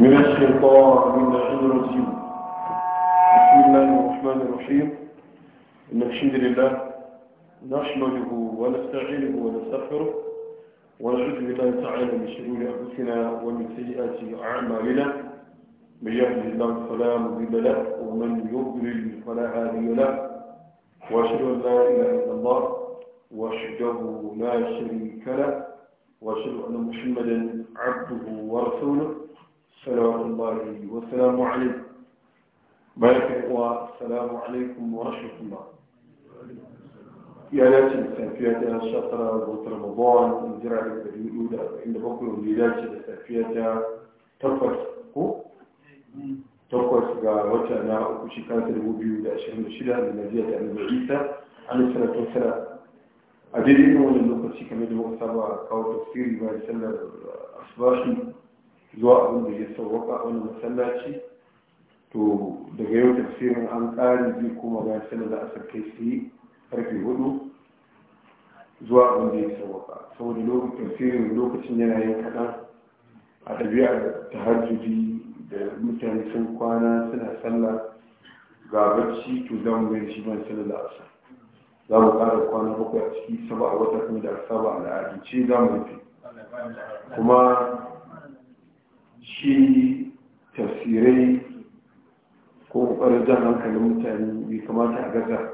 من الشيطان من العين الرجيم بسم الله الرحمن الرحيم إن الحمد لله نحمده ونستعينه ونستغفره ونعوذ بالله تعالى من شرور أنفسنا ومن سيئات أعمالنا من يهد الله فلا مضل له ومن يضلل فلا هادي له وأشهد أن لا إله إلا الله وحده لا شريك له وأشهد أن محمدا عبده ورسوله صلوات الله وسلام الله بارك السلام عليكم ورحمة الله يا ناس السلفيات أنا شاطرة بوت رمضان الزرع البديل الأولى إن بكل وليدات السلفيات تفرس هو تفرس وتنا وكشي كانت الوبي ولا أشهر مشيلة من نزية أبي عيسى عليه الصلاة والسلام أدري إنه من الوقت كما يدعو سبع كاو تفسير بعد سنة أصباحي zuwa abin da ya sauwaka a wani masallaci to daga yau tafsirin an tsari zai koma bayan sanar da asar kai su yi karfe hudu zuwa abin da ya sauwaka saboda lokacin tafsirin lokacin yana yin kaɗan a ɗabi'ar tahajjudi da mutane sun kwana suna sallah ga bacci to za mu mai shi ban sanar da asar za mu ƙara kwana bakwai a ciki saba a wata kuma da saba al'adu ce za mu rufe kuma shi tafsirai ko ƙwarar jan hankalin mutane bai kamata a gaza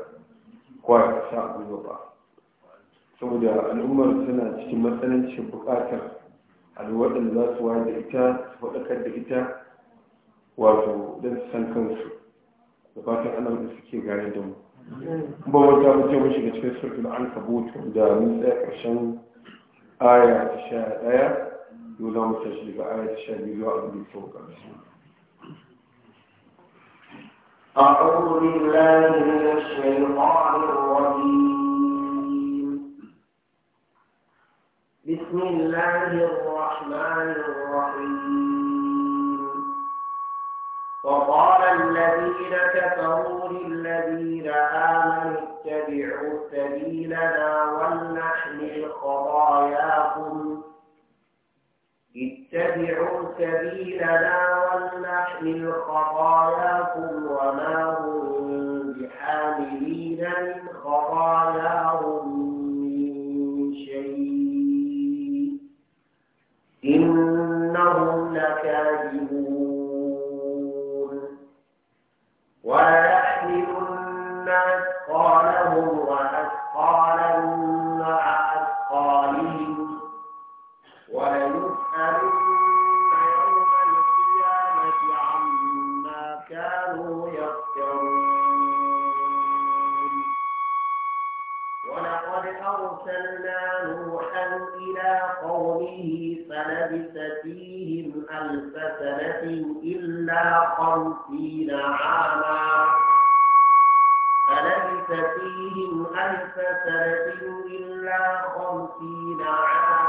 kwaya sa abubuwa ba saboda al'ummar suna cikin matsanancin buƙatar alwaɗin za su waye da ita su faɗakar da ita wato don su san kansu da fatan ana da suke gane da mu ba wata mutum mun shiga cikin surfin an kabutu da mun ƙarshen aya ta sha ɗaya yau za mu tashi daga ayat sha biyu أعوذ بالله من الشيطان الرجيم بسم الله الرحمن الرحيم وقال الذين كفروا للذين آمنوا اتبعوا سبيلنا ولنحمل خطاياكم اتبعوا سبيلنا ولنحمل خطاياكم وما هم بحاملين من خطاياهم من شيء إنهم لكاذبون ويحملن أثقالهم سنة إلا خمسين عاما فليس فيهم ألف سنة إلا خمسين عاما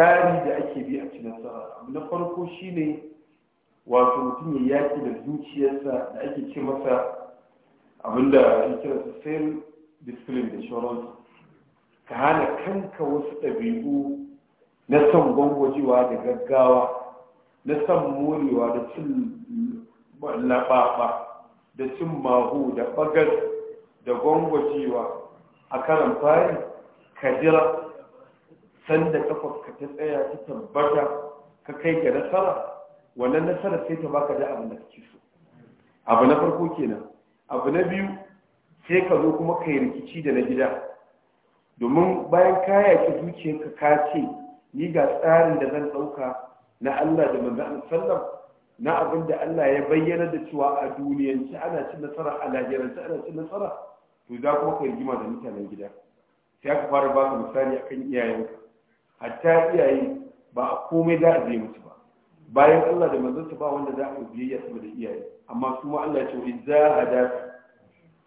tsari da ake bi a ci nasara abu na farko shine wato mutum ya yaki da zuciyarsa da ake ce masa abinda ya kira su self discipline da shawararsu ka hana kanka wasu ɗabi'u na son gwangwajewa da gaggawa na son morewa da cin laɓaɓa da cin mahu da bagas da gwangwajewa a karan fari ka jira sanda kafarka ta tsaya ta tabbata ka kai ga nasara wannan nasara sai ta baka da abin da kake so abu na farko kenan abu na biyu sai ka zo kuma kai rikici da na gida domin bayan ka yaki zuciyarka ka ce ni ga tsarin da zan ɗauka na Allah da Allah sallam na abin da Allah ya bayyana da cewa a ci ana cin nasara a ci ana cin nasara to za kuma ka rigima da mutanen gida sai aka fara ba misali akan iyayenka hatta iyaye ba a komai za a biye musu ba bayan Allah da manzansa ba wanda za a biyayya sama da iyaye amma su ma Allah ce za idza hadaka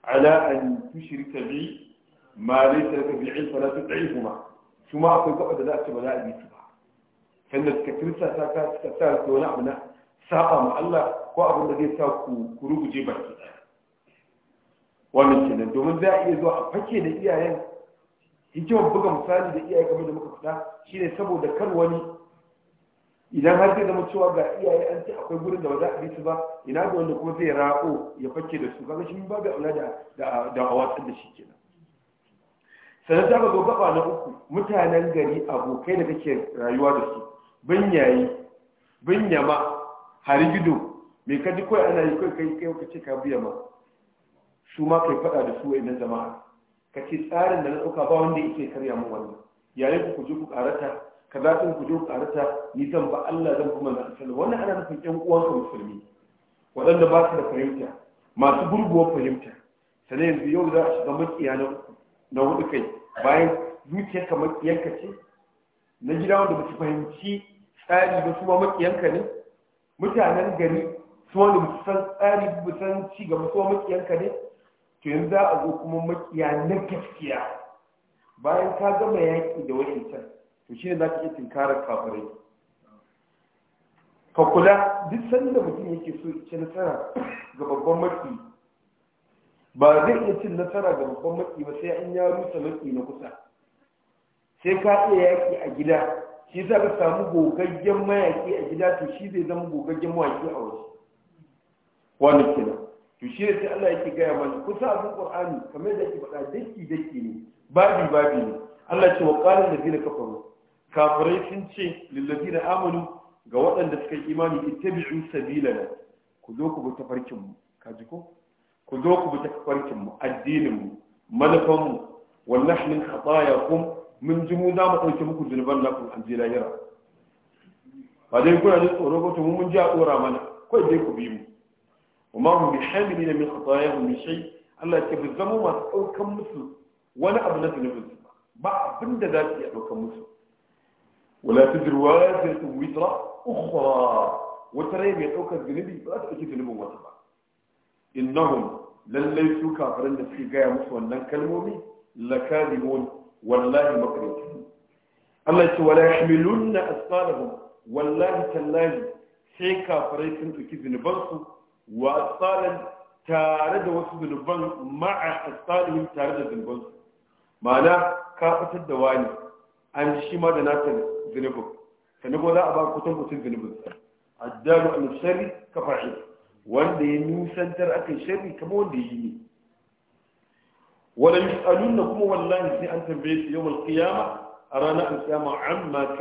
ala an tushrika bi ma laysa laka bi ilm fala su ma akwai gaba da za a ce ba za a bi su ba sanda suka kirsa ta ka suka sa wani abu na saba ma Allah ko abin da zai sa ku ku ruguje baki wannan kenan domin za a iya zuwa a fake da iyayen hikimar buga misali da iyaye kamar da muka faɗa shine saboda kar wani idan har zai zama cewa ga iyaye an ce akwai gurin da ba za a bi su ba ina ga wanda kuma zai rako ya fakke da su kaga shi ba ga aula da da watsar da shi kenan sanar ta zo gaba na uku mutanen gari abokai da kake rayuwa da su banyayi banyama harigido me ka ji kai ana yi kai kai kai ka ka biya ma su ma kai fada da su wa'annan jama'a ka ce tsarin da na ɗauka ba wanda yake karya mu wannan yayin ku je ku karata ka za ku je ku karata ni zan ba Allah zan kuma na sallah wannan ana nufin ƴan uwanka musulmi waɗanda ba su da fahimta masu gurguwar fahimta sannan yanzu yau za a shiga makiya na huɗu kai bayan ka makiyanka ce na gida wanda ba su fahimci tsari ba su ma makiyanka ne mutanen gari su wanda ba su san tsari ba su san ci gaba su ma makiyanka ne to yanzu za a zo kuma makiya na gaskiya bayan ka gama yaƙi da wa'incan to ne za ka iya tunkarar kafirai ka kula duk sanda mutum yake so ce nasara ga babban maki ba zai iya cin nasara ga babban maki ba sai an ya rusa maki na kusa sai ka iya yaƙi a gida shi za ka samu gogaggen mayaƙi a gida to shi zai zama gogaggen mawaƙi a waje wani kenan to shi ta sai Allah yake gaya mana kusa abin Qur'ani kamar da yake faɗa daki daki ne babi babi ne Allah ce wa qala allazina kafaru kafirai sun ce da amanu ga waɗanda suka yi imani ittabi'u sabilana ku zo ku bi tafarkin mu kaji ko ku zo ku bi tafarkin mu addinin mu manufan mu wallahi min khatayakum mun ji mu za mu ɗauke muku zunuban na ku an lahira ba dai kuna da tsoro ko to mun ji a ɗora mana kawai dai ku bi mu وما هم بحاملين من خطاياهم من شيء Allah ya ce zama masu ɗaukan musu wani abu na zunubin ba abin za su iya ɗaukan musu wala ta jirwa ta su witra ukhra wata rai mai ɗaukar zunubi ba za ta ɗauki zunubin wata ba innahum lallai su kafirin da suke gaya musu wannan kalmomi lakadimun wallahi Allah ya wala yahmilunna asqalahum wallahi tallahi sai kafirai sun ɗauki zunubansu wa asalan tare da wasu zunuban ma'a asalihim tare da zunubansu ma'ana ka fitar da wani an shi ma da nata zunubin sannan ko za a ba kutan kutan zunubin addalu an sharri ka fa'i wanda ya nusantar akan sharri kama wanda ya yi ne wala yus'aluna kuma wallahi sai an tambaye su yawmal qiyama a ranar alkiyama amma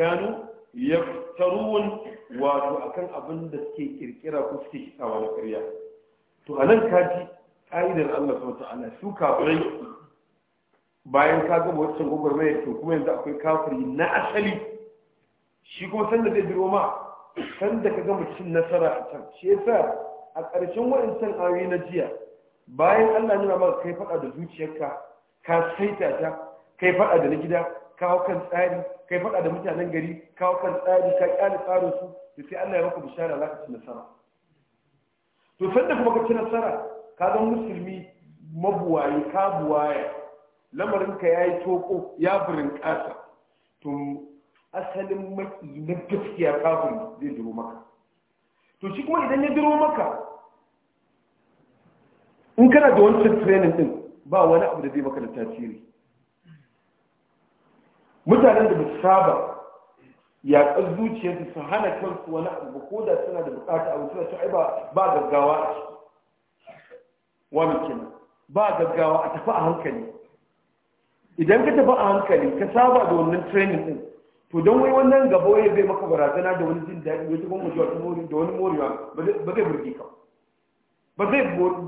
ya taruwan. wato akan abin da suke kirkira ko suke kitsawa na ƙarya to a nan ka ji ƙa'idar Allah sau ta'ala su kafirai bayan ka gama wancan mai to kuma yanzu akwai kafiri na asali shi kuma sanda zai biro ma sanda ka gama cin nasara a can shi yasa a ƙarshen waɗancan ayoyi na jiya bayan Allah nuna maka kai faɗa da zuciyarka ka saita ta kai faɗa da na gida kawo kan tsari kai faɗa da mutanen gari kawo kan tsari ka kyale tsarin su to sai Allah ya baka bishara za ka ci nasara to da kuma ka ci nasara ka zama musulmi mabuwaye ka buwaya lamarinka ya yi toko ya burin ƙasa to asalin maki na gaskiya kafin zai duro maka to shi kuma idan ya duro maka in kana da wancan training din ba wani abu da zai maka da tasiri mutanen da ba saba yaƙar zuciyarsu su hana kansu wani abu ko da suna da bukata abu suna ta ba ba gaggawa a ciki wani kenan ba gaggawa a tafi a hankali idan ka tafi a hankali ka saba da wannan training din to don wai wannan gaba ya bai maka barazana da wani jin daɗi wata gwamnati wata mori da wani morewa ba zai burge ka ba zai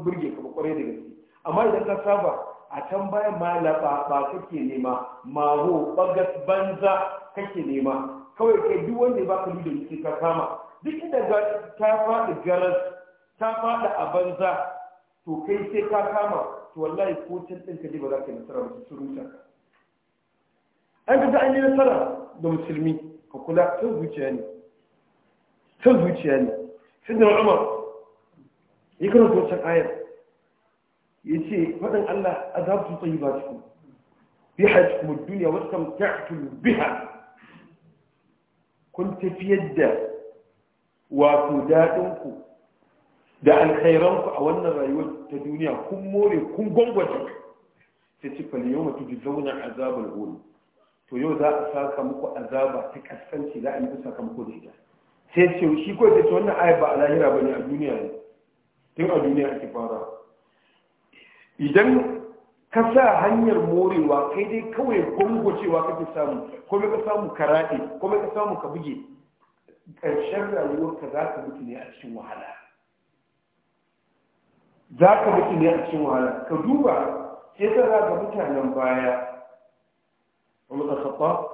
burge ka ba kwarai da gaske amma idan ka saba a can bayan ma laɓa ba kake nema maho bagas banza kake nema kawai kai duk wanda ya baka lidon sai ka kama duk inda ta faɗi garas ta faɗi a banza to kai sai ka kama to wallahi ko can ɗin ka je ba za ka yi nasara ba su ruta. an ga an yi nasara da musulmi ka kula ta zuciya ne ta zuciya ne sun da ma'amar ya kira wancan ayar ya ce faɗin allah a za su tsayi ba cikin biha kuma duniya wasu kam ta'atul biha kun tafiyar da wato daɗinku da alkhairanku a wannan rayuwar ta duniya kun more kun gwangwaje ta ci fali mutu ji zauna azabar hori to yau za a saka muku azaba ta kaskanci za a yi saka muku da ita sai ce shi ko ta ce wannan ayat ba a lahira ba ne a duniya ne tun a duniya ake fara idan ka sa hanyar morewa kai dai kawai gwangwacewa kake samu kome ka samu karaɗe kome ka samu ka buge ƙarshen rayuwarka za ka mutu ne a cikin wahala za ka mutu ne a cikin wahala ka duba sai ka za ga mutanen baya wani ƙasasfa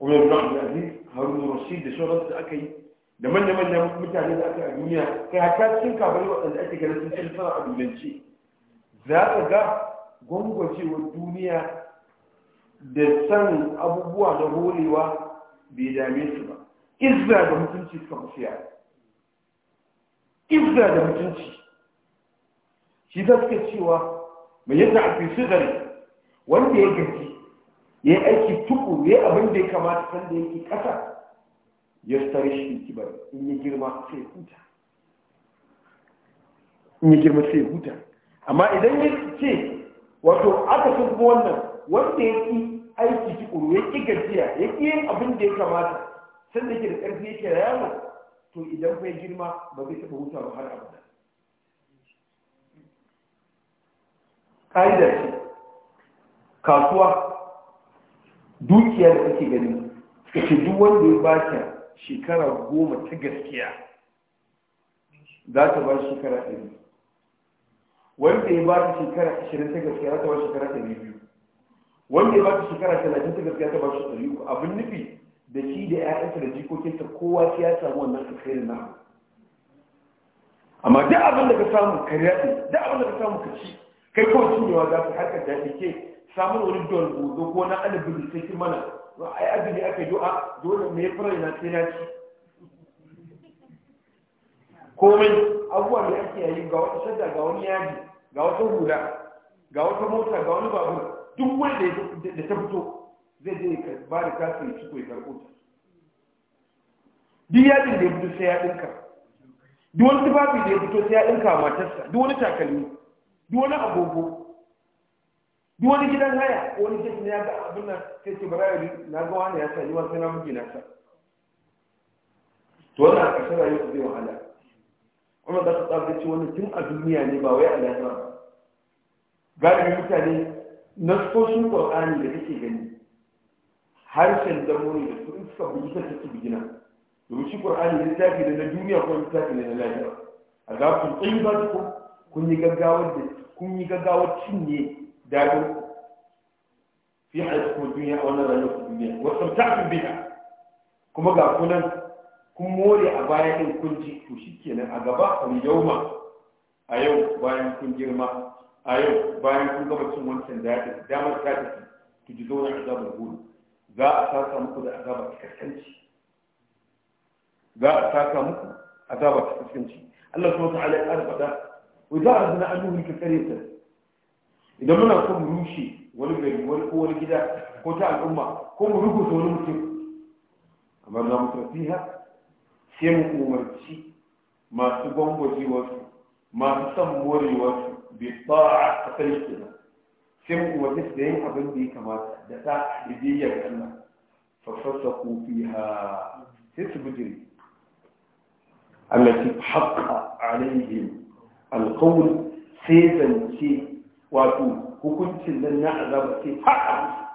wani ibn abdulaziz harun rashid da shauransu da aka yi da manya-manyan mutane da aka yi a duniya kai haka cikin kafin waɗanda ake ganin sun ci nasara a duniyance za ka ga gwangwacewar duniya da san abubuwa da horewa bai dame su ba izza da mutunci suka musiya izza da mutunci shi za suka cewa mai yadda a fi wanda ya gaji ya yi aiki tuku ya abin da ya kamata sanda yake ƙasa ya tsari shi kibar in ya girma sai huta in ya girma sai huta amma idan ya ce wato aka fi wannan wanda ya ki aiki tukuru ya ƙi gajiya ya ƙi yin abin da ya kamata san da ke da ƙarfi yake da yaro to idan fa girma ba zai taɓa huta ba har abada ƙa'idar ce kasuwa dukiya da kake gani kake duk wanda ya baka shekara goma ta gaskiya za ta ba shekara ɗari wanda ya ba ta shekara 20 ta gaskiya ta ba shekara ta biyu wanda ya ba ta shekara 30 ta gaskiya ta ba shi ɗari uku abin nufi da shi da ƴaƴansa da jikokinsa kowa ya samu wannan alkhairin na amma duk abin da ka samu ka yaɗe duk abin da ka samu ka ci kai kawai yawa za ka harkar da ke samun wani don gozo ko na alibin da sai mana ai abin da aka yi do'a dole me fara na sai na ci komai abubuwan da ake yayi ga wata shadda ga wani yaji ga wata hula ga wata mota ga wani babur duk wanda da ta fito zai je ka ba da kasa ya ciko ya ta duk yajin da ya fito sai ya ɗinka duk wani tufafi da ya fito sai ya ɗinka matarsa duk wani takalmi duk wani agogo duk wani gidan haya ko wani jikin ya ga abin nan sai ce yari na ga wani ya sa yi wasu na bugi na sa to wannan a ƙarshen rayuwa zai wahala umar da ta ce wannan tun a duniya ne ba wai a lahira ba galibi mutane nasoshin qur'ani da kake gani harshen damoni da su suka bugi ta su bigina domin shi ya tafi da na duniya ko tafi da na lahira a za ku tsayi ba ku kun yi gaggawar da kun yi gaggawar cinye dadin fi hayatikum duniya a wannan rayuwar duniya wasu samta'tum biha kuma ga kunan kun more a baya ɗin kun ji to shikenan a gaba al yauma a yau bayan kun girma a yau bayan kun gama cin wancan daɗin damar ta tafi ku ji zauna azabar gudu za a saka muku da ta kaskanci za a saka muku ta kaskanci Allah subhanahu wa ta'ala ya arbada wa za a zina an yuhul kasariyata idan muna so mu rushe wani gari wani ko wani gida ko ta al'umma ko mu rubuta wani mutum amma za mu tafiya sai mu umarci masu gwangwajewarsu masu son morewarsu bai ta'a a kan shi sai mu umarci su da yin abin da ya kamata da ta da biyayyar Allah fasassa kofi ha sai su bijiri allati haqqa alaihim alqawl sai zance wato hukuncin nan na azaba sai haqqa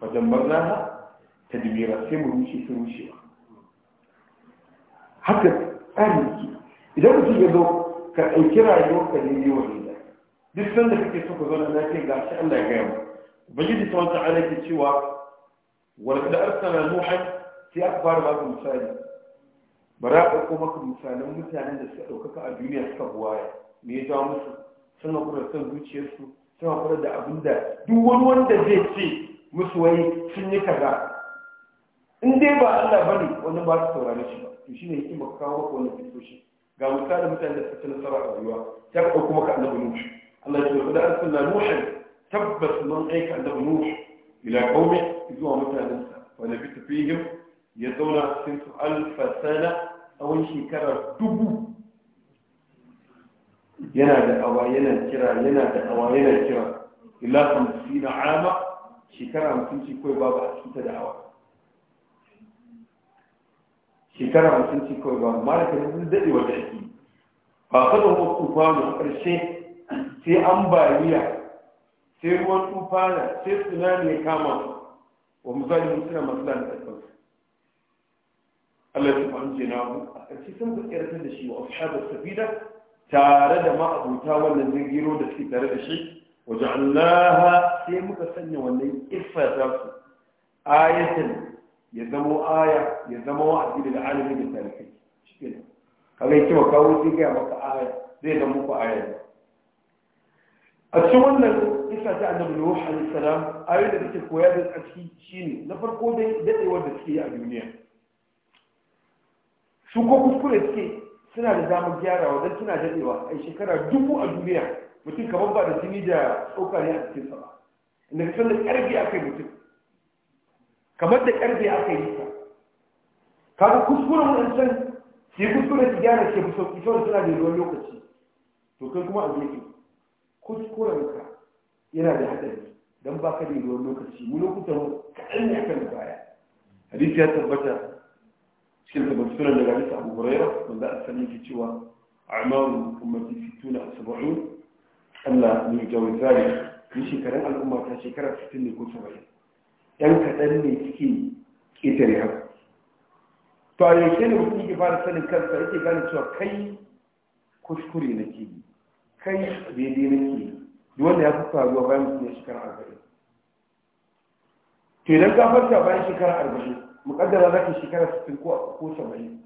fadammarnaha tadbira sai mu rushe su rushewa haka tsari ke idan mutum ya zo ka ɗauki rayuwar ka ne wa daidai duk sanda kake so ka na lafiya ga shi Allah ya gaya mu ubangiji ta wata ala ke cewa walƙada arsana nuhan sai aka fara ba ku misali za a ɗauko maka misalan mutanen da suka ɗaukaka a duniya suka buwaya me ya jawo musu sun haƙura son zuciyarsu sun haƙura da abin da duk wani wanda zai ce musu wai sun yi kaza in dai ba Allah bane wani ba su saurare shi ba to ne yake ba kawo maka wannan kisoshi ga misalin mutane da suka nasara a rayuwa ta ka kuma ka annabi nuhu Allah ya ce da arsalna nuhan tabbas mun aika annabi nuhu ila qaumi zuwa mutanensa wa labita fihim ya zauna cikin su alfa sana tsawon shekara dubu yana da awa yana kira yana da awa yana kira ila hamsina ama shekara hamsin ce kawai babu a cikin da awa shekara mutum ce kawai ba ma da kanin sun daɗe wata ake ba kada kuma tufana ƙarshe sai ambaliya sai ruwan tufana sai tsunami ya kama wa misali mutuna masu lalata kansu Allah ya tafi amince na a ƙarshe sun ka ƙarfin da shi wa ashabar sabida tare da ma'abuta wannan jirgiro da suke tare da shi wajen Allah sai muka sanya wannan ƙirfa ta su ayatan ya zamo aya ya zama wa'azi da alimi da tarihi shikenan kaga yake maka wuri ga maka aya zai zama ku aya a cikin wannan isa ta annabi nuhu alaihi salam ayoyin da take koya da tsaki shine na farko dai dadewar da suke yi a duniya su ko kuskure suke suna da damar gyarawa dan suna dadewa a shekara dubu a duniya mutum kamar ba da jini da tsoka ne a cikin sa ba inda kasan da karfi a kai mutum kamar da ƙarfe aka yi ta kada kuskure mun san yi kuskure su gyara ke fusa kusurin suna da ruwan lokaci to kai kuma a ki? kuskuren ka yana da hadari don ba ka da ruwan lokaci mu lokutan kaɗan ne akan baya hadisi ya tabbata cikin tabbata suna daga hadisi abu hurairah wanda a sani ke cewa a'maru ummati fituna asba'un Allah ne jawi zari ni shekarun al'umma ta shekara 60 ne ko 70 Ɗan kaɗan ne cikin ƙetare haka to a yaushe ne mutum yake fara sanin kansa yake gane cewa kai kuskure na ke kai daidai na ke da wanda ya fi faruwa bayan mutum ya shekara arba'in to idan ka farka bayan shekara arba'in muƙaddara za ka shekara sittin ko ko saba'in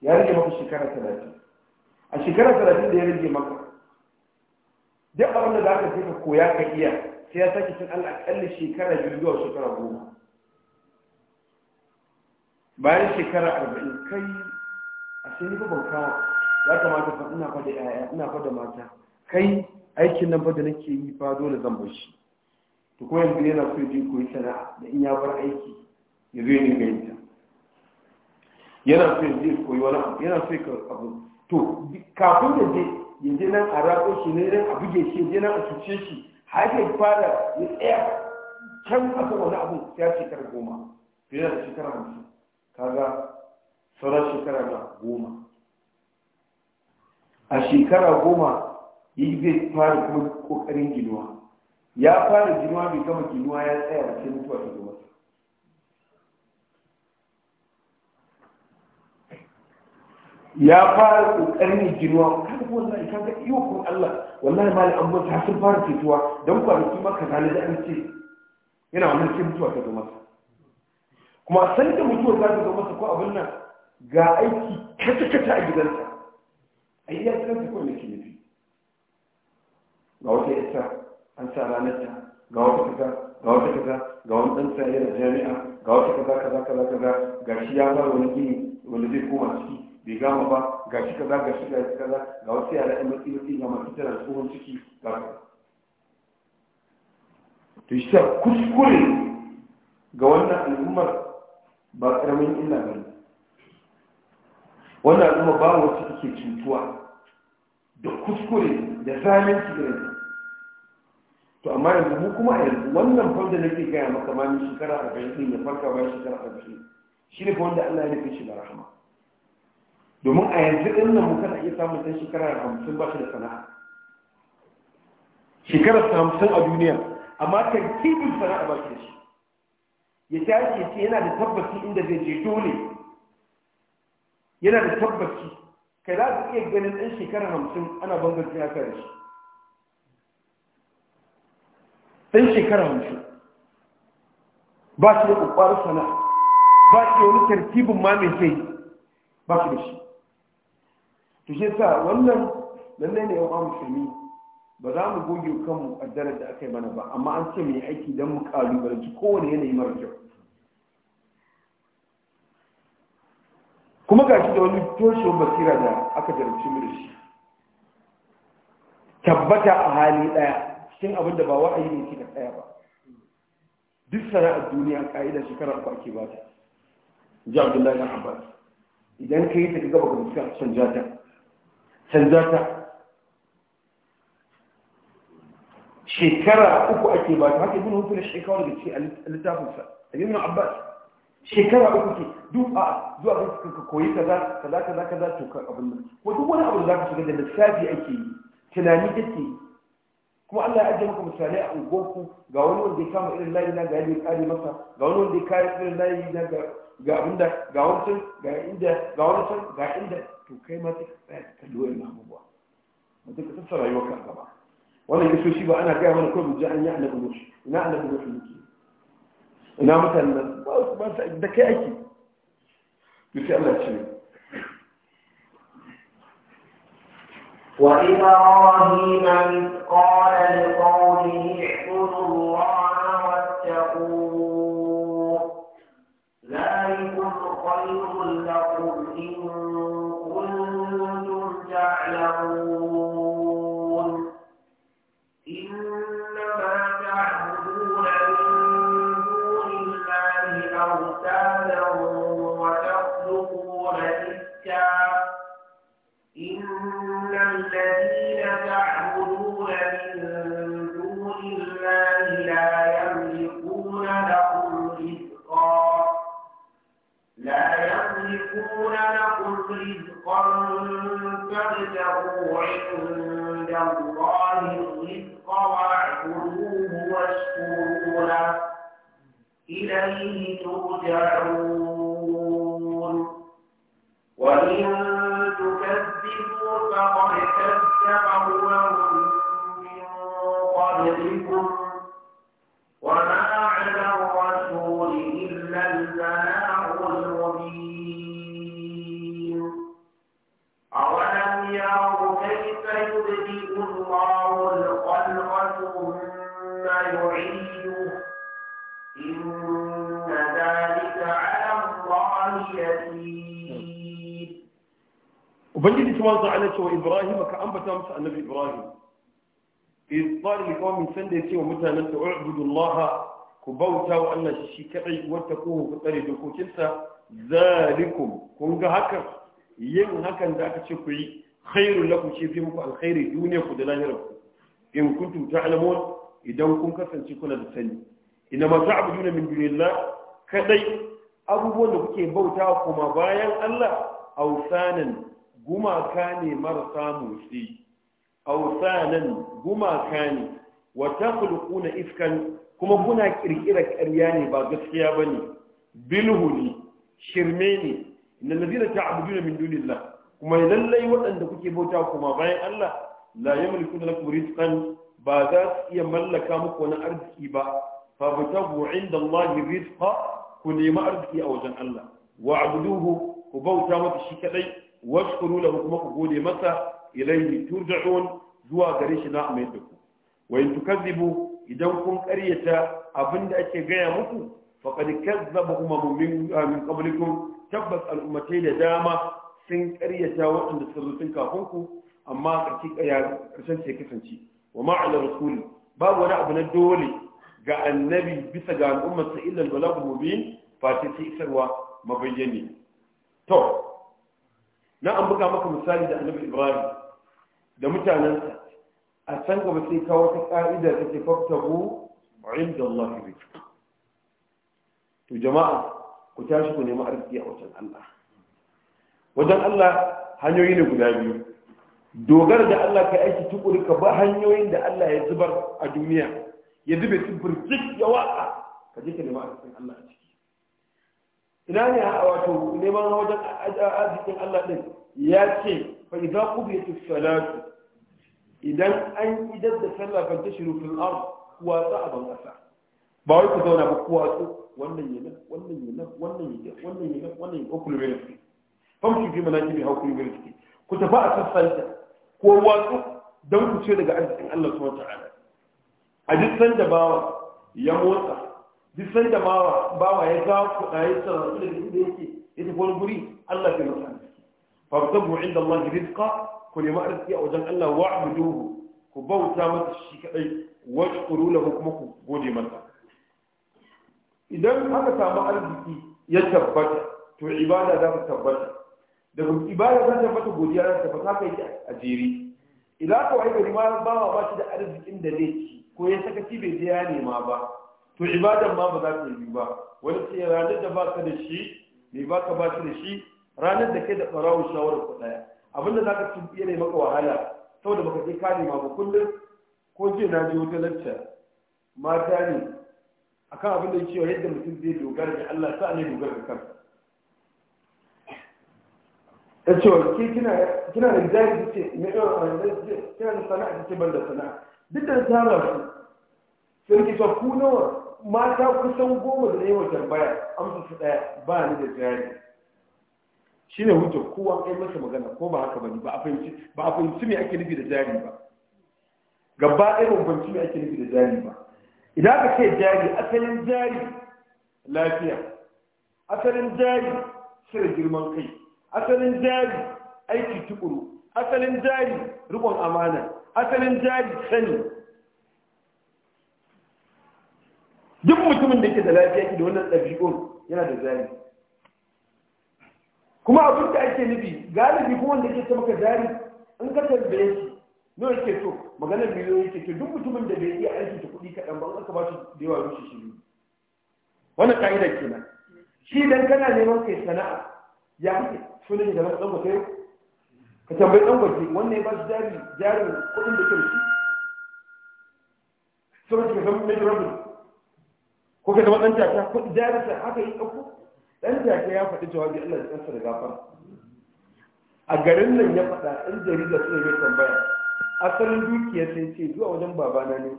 ya rage maka shekara talatin a shekara talatin da ya rage maka duk abin da za ka sai ka koya ka iya sai ya sake Allah alƙalli shekara biyu zuwa shekara goma bayan shekara arba'in kai a sai ni ban kawo ya kamata fa ina fada yaya ina fada mata kai aikin nan fa da nake yi fa dole zan bar shi to ko yanzu yana so ji koyi sana'a da in ya bar aiki ya zo ya dinga yin ta yana so ya je koyi wani abu yana so ya abu to kafin da je yanzu nan a raƙo shi ne nan a buge shi yanzu nan a cuce shi haifin fada ya tsaya can aka wani abu ya shekara goma fiye da shekara masu kaga sauran shekara na goma a shekara goma yi zai fara kuma kokarin ginuwa ya fara ginuwa bai gama ginuwa ya tsaya da ke mutuwa ta goma ya fara kokarin jinuwa kada ko zai ka ga iyo kun Allah wallahi mali an mutu sun fara fituwa dan kwanaki maka da an ce yana wannan cin mutuwa ta zo kuma san da mutuwa za ta zo masa ko abin nan ga aiki kata kata a gidansa ya san ta ko ne ke nufi ga wata ita an sa ranar ta ga wata kaza ga wata kaza ga wani dan tsaye da jami'a ga wata kaza kaza kaza kaza ga shi ya fara wani gini wani zai koma ciki bai gama ba ga shi kaza ga shi kaza ga wasu yara ɗan matsi matsi ga masu tara, tsohon ciki ga to shi kuskure ga wannan al'ummar ba ƙaramin illa ba ne wannan al'ummar ba wasu ke cutuwa da kuskure da zalunci cikin to amma yanzu mu kuma yanzu wannan na nake gaya maka ma ni shekara arba'in ya farka bayan shekara bayan shi ne fa wanda Allah ya nufi shi da rahama domin a yanzu ɗin nan mu kana iya samun ɗan shekara hamsin ba shi da sana'a shekarar hamsin a duniya amma kan kibin sana'a ba shi da shi ya tashi ce yana da tabbaci inda zai je dole yana da tabbaci kai za ka iya ganin ɗan shekara hamsin ana bangar siyasa da shi ɗan shekara hamsin ba shi da ƙwaƙwarar sana'a ba shi da wani tarkibin ma mai zai ba shi da shi to shi sa wannan lallai ne yawan musulmi ba za mu goge kanmu addarar da aka yi mana ba amma an ce mu yi aiki don mu kalubalanci kowane yanayi mara kyau kuma gashi da wani toshewar basira da aka jarabci mu da shi tabbata a hali ɗaya cikin abin da ba wa'ayi ne ke da tsaya ba duk sana'ar duniya ka'ida shekara ba ake ba ta ji abdullahi abbas idan ka yi ta gaba mutu ka canja ta Tanzata, shekara uku ake ba ta haka ibn hukun shekara da ce a littafinsa a ibn abbas shekara uku ce duk a zuwa ga ka koyi kaza kaza kaza kaza to abin nan ko wani abu da ka shiga da lissafi ake yi tunani kake kuma Allah ya ajiye maka misalai a unguwarku ga wani wanda ya kama irin layi na ga yadda ya kare masa ga wani wanda ya kare irin layi na ga abin da, ga wani wancan ga inda ga wani wancan ga inda كلمه اكسبيرت اللي بدك تفسر اي أيوة وقت طبعا وانا جيت شيء وانا جاي من كل جهه يعني احنا بنوش مثلا بدك اكي بس انا شيء وإبراهيم قال لقومه اعبدوا الله يرجعون kuma wanzu ana cewa ibrahim ka ambata musu annabi ibrahim iz qala liqaumin sanda yace wa mutanen ta ubudu ku bauta wa allah shi kadai wata ko ku tsare dokokinsa zalikum kun ga hakan yin hakan da aka ce ku yi khairul lakum shi fi muku alkhairi duniya ku da lahirar ku in kuntum ta'lamun idan kun kasance kuna da sani ina ma ta'buduna min dunillah kadai abubuwan da kuke bauta kuma bayan Allah ausanan gumaka ne marasa motsi nan gumaka ne Wata wa na iskan. kuma kuna kirkira ƙarya ne ba gaskiya bane bilhuli shirme ne innal ta ta'buduna min dunillah kuma lallai waɗanda kuke bauta kuma bayan Allah la yamlikuna lakum rizqan ba za su iya mallaka muku wani arziki ba fa batabu inda Allah ku nemi arziki a wajen Allah wa abuduhu ku bauta mata shi kaɗai? Wasu lahu kuma ku gode masa ilaihi turja'un zuwa gare shi za a mai da ku wa in tukazzibu idan kun karyata abinda ake gaya muku faqad kazzaba umamun min ah, min qablikum tabbas al'ummatai da dama sun karyata waɗanda suka zo kafin ku amma ƙarshe kasance kasance wa ma'ala rasuli babu wani abu na dole ga annabi bisa ga al'ummar sa illa al-balagh mubin fa ta isarwa mabayyani to na an buga maka misali da annabi ibrahim da mutanensa a can gaba sai kawo ta ka'ida ta ce faktabu inda Allah bi to jama'a ku tashi ku nemi arziki a wajen Allah wajen Allah hanyoyi ne guda biyu dogara da Allah ka aiki tukuri ka ba hanyoyin da Allah ya zubar a duniya ya zube su burjik yawa ka je ka nemi arzikin Allah a ciki ina ne a wato neman wajen arzikin Allah din ya ce fa idza qudiyatis salatu idan an idar da sallah fa tashru fil ard wa sa'aban qasa ba wai ku zauna ba ku watsu wannan nan wannan nan wannan nan wannan nan wannan yana kullu bil fiqh famshi fi manaqibi hawkul bil fiqh ku tafi a sassanta ko watsu don ku ce daga arzikin Allah subhanahu wa ta'ala a duk sanda bawa ya motsa duk da bawa bawa ya ga ku kuɗaye sarrafa da inda yake ya tafi wani guri Allah ke masa arziki fa tabu inda Allah rizqa ku nemi arziki a wajen Allah wa'buduhu ku bauta masa shi kadai washkuru lahu kuma ku gode masa idan aka samu arziki ya tabbata to ibada za ta tabbata daga ibada za ta tabbata godiya za ta tabbata haka yake a jeri idan aka wayi gari ma bawa ba shi da arzikin da zai ci ko ya saka ci bai je ya nema ba to ibadan ma ba za ta yi ba wani sai ranar da ba ka da shi mai ba ka ba shi da shi ranar da kai da ɓarawo shawarar ku ɗaya abinda za ka iya ne maka wahala saboda baka je kare ma ba kullum ko je na je wata lacca mata ne kan abin da cewa yadda mutum zai dogara da Allah sa ne dogara da kansa ta cewa ke kina da jari ta ce mai yawan kina da sana'a ta ce ban da sana'a duk da tara su sun ke cewa kunawar nawa mata kusan goma da yi wa tambaya amsa su ɗaya ba ni da jari shi ne hujjar kowa kai masa magana ko ba haka bane ba a fahimci ba a fahimci me ake nufi da jari ba gaba ɗaya ban fahimci me ake nufi da jari ba idan aka ce jari asalin jari lafiya asalin jari cire girman kai asalin jari aiki tukuru asalin jari rikon amana asalin jari sani duk mutumin da ke da lafiya ki da wannan ɗabi'un yana da zari kuma abin da ake nufi galibi kuma wanda ke ta maka zari in ka tambaye shi ne yake so maganar miliyoyi yake to duk mutumin da bai iya aiki da kuɗi kaɗan ba an aka ba shi da yawa rushe shi wannan ka'ida kenan shi dan kana neman kai sana'a ya kake sunan da ɗan gote ka tambayi ɗan gwaje wannan ya ba shi jari jarin kuɗin da ke sun shi sai ka san mai rabin kuka zama ɗan jaka ko jarisa haka yi ɗauko ɗan jaka ya faɗi jawabi Allah ya kansa da gafara a garin nan ya faɗa ɗan jarida suna mai tambaya asalin dukiya sai ce zuwa wajen babana ne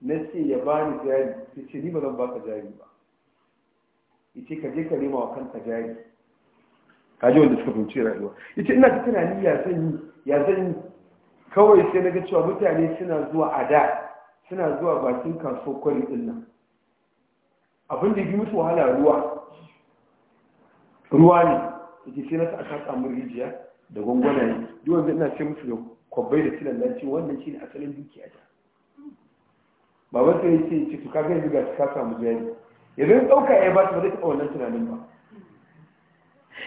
na ce ya bani jari ta ce ni ba zan baka jari ba ce ka je ka nema wa kanka jari ka ji wanda suka fahimci rayuwa ce ina ta tunani ya zan yi ya zan yi kawai sai na ga cewa mutane suna zuwa a da suna zuwa bakin kaso kwari din nan abin da bi musu wahala ruwa ruwa ne da ke sai na kasa samu rijiya da gwangwana ne. duk wanda ina ce musu da kwabbai da tilan da wannan shi ne asalin dukiya ta baban sai ce ce to kaga yanzu ga kasa mu jari yanzu ɗauka ya ba su ba zai taɓa wannan tunanin ba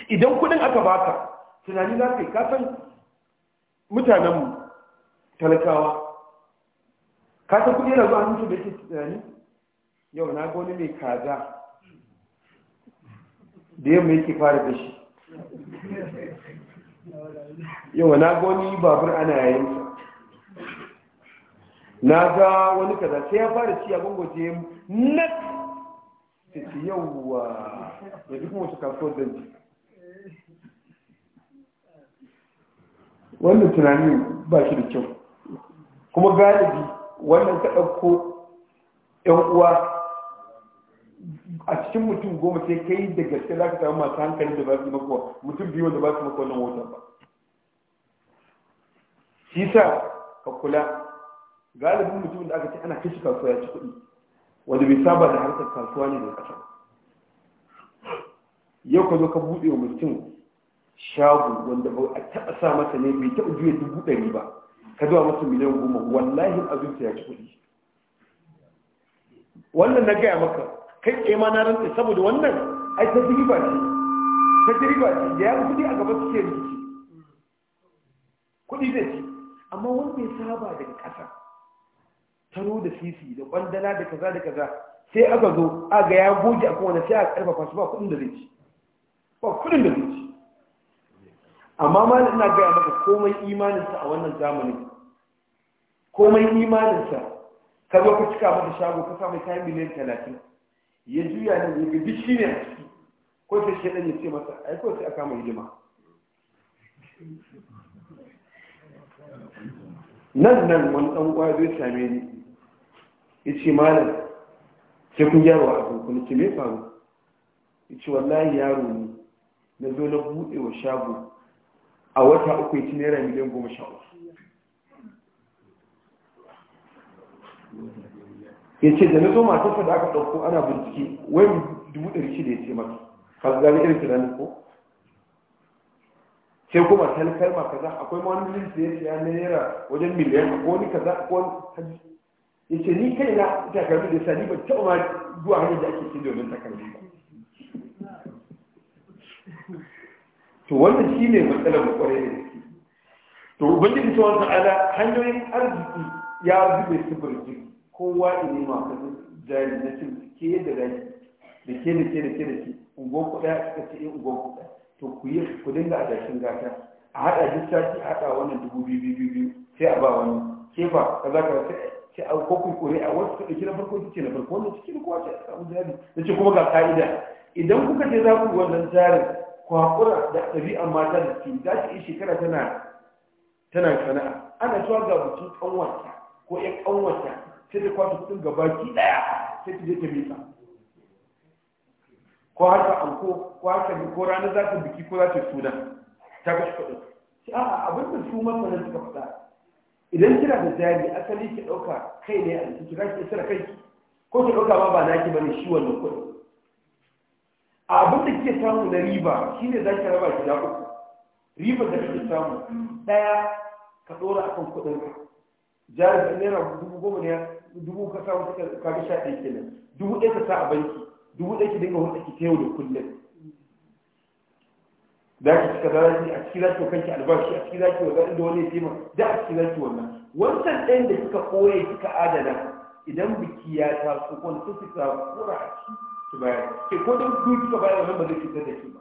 idan kudin aka baka tunani za ka yi kasan mutanenmu talakawa kasan kudi yana zuwa hannun da yake tunani yau na goni mai kaza da yamma yake fara da shi yau na goni babur ana yayinsa na ga wani kaza sai ya fara ci a waje na ta yauwa da duk wasu da ji wannan tunani ba shi da kyau kuma galibi wannan ta ɗauko 'yan uwa a cikin mutum goma sai kai da gaske za ka samu masu hankali da ba su mako mutum biyu da ba su mako nan wajen ba shi sa ka kula galibin mutum da aka ce ana kashe kasuwa ya ci kuɗi wanda bai saba da harkar kasuwa ne da kasa yau ka zo ka buɗe wa mutum shago wanda ba a taɓa sa masa ne bai taɓa juya dubu ɗari ba ka zuwa masa miliyan goma wallahi a zuciya ya ci kuɗi wannan na gaya maka kai tsaye ma na rantsa saboda wannan ai ta jiriba ce ta jiriba ce da ya fi kuɗi a gaba su ke rikici kuɗi zai ci amma wanda ya saba daga ƙasa taro da sisi da bandala da kaza da kaza sai aka zo a ga ya goge a kowane sai a ƙarfafa su ba kuɗin da zai ci ba kuɗin da zai ci amma ma ina gaya maka komai imaninsa a wannan zamanin komai imaninsa ka zo ka cika mata shago ka samu kayan miliyan talatin ya juya ne ya ga duk ne a ciki ko shi ɗan ya ce masa ai ko sai aka mai hidima nan nan wani dan uwa zai same ni ya ce malam ce kun gyara wa abu kun ce me faru ya ce wallahi yaro ne na zo na buɗe wa shago a wata uku ya ci naira miliyan goma sha ya ce da na zo matarsa da aka ɗauko ana bincike wani dubu ɗari shida ya ce masu ka gane irin tunanin ko sai kuma tal kalma kaza akwai ma wani list ya ce ya naira wajen miliyan ko wani kaza ko wani haji ya ce ni kai na takardu da sani ban taɓa ma zuwa hanyar da ake ce domin takardu ba to wannan shi ne matsalar mu kwarai da gaske to ubangiji ta wani ta'ala hanyoyin arziki ya zube su birjiki kowa da ne ma jari na cin ke da rai da ke da ke da ke da ke ungon kuɗa ka ce in eh, ungon kuɗa to ku yi ku dinga adashin gata a haɗa duk a haɗa wannan dubu biyu biyu biyu sai a ba wani ke ba ka kaza sai a kokun kore a wasu ɗauki na farko kike na farko wannan cikin kowa ce a samu jari da ce kuma ga ka'ida idan kuka je za ku wannan jarin kwakura da ɗabi'ar mata da ciki, za ta yi shekara tana tana sana'a ana cewa ga mutum ƙanwata ko ƴan ƙanwata sai ta kwashe kudin gabaki daya sai ta je ta mika ko haka anko ko haka ko ranar za ta biki ko za ta suna ta kashe kudin sai a'a abin da su masanan suka faɗa idan kira da jari asali ki ɗauka kai ne a jiki za ki isar kai ko ki ɗauka ma ba naki bane shi wannan kudin abin da kike samu na riba shine za ki raba gida uku riba da kike samu daya ka dora akan kudin ka jari da naira dubu goma ne dubu ka sa wata kaga sha ɗaya kenan dubu ɗaya ka sa a banki dubu ɗaya ki dinga hulɗa ki ta yau da kullum da ki cika za ki a cikin zaki ki kanki albashi a cikin zaki ki wa da wani ya da a cikin zaki wannan wancan ɗayan da kika koya kika adana idan biki ya taso ko da kika kura a ciki ki bayar ke ko don duk bayan bayar wannan ba zai fitar da ki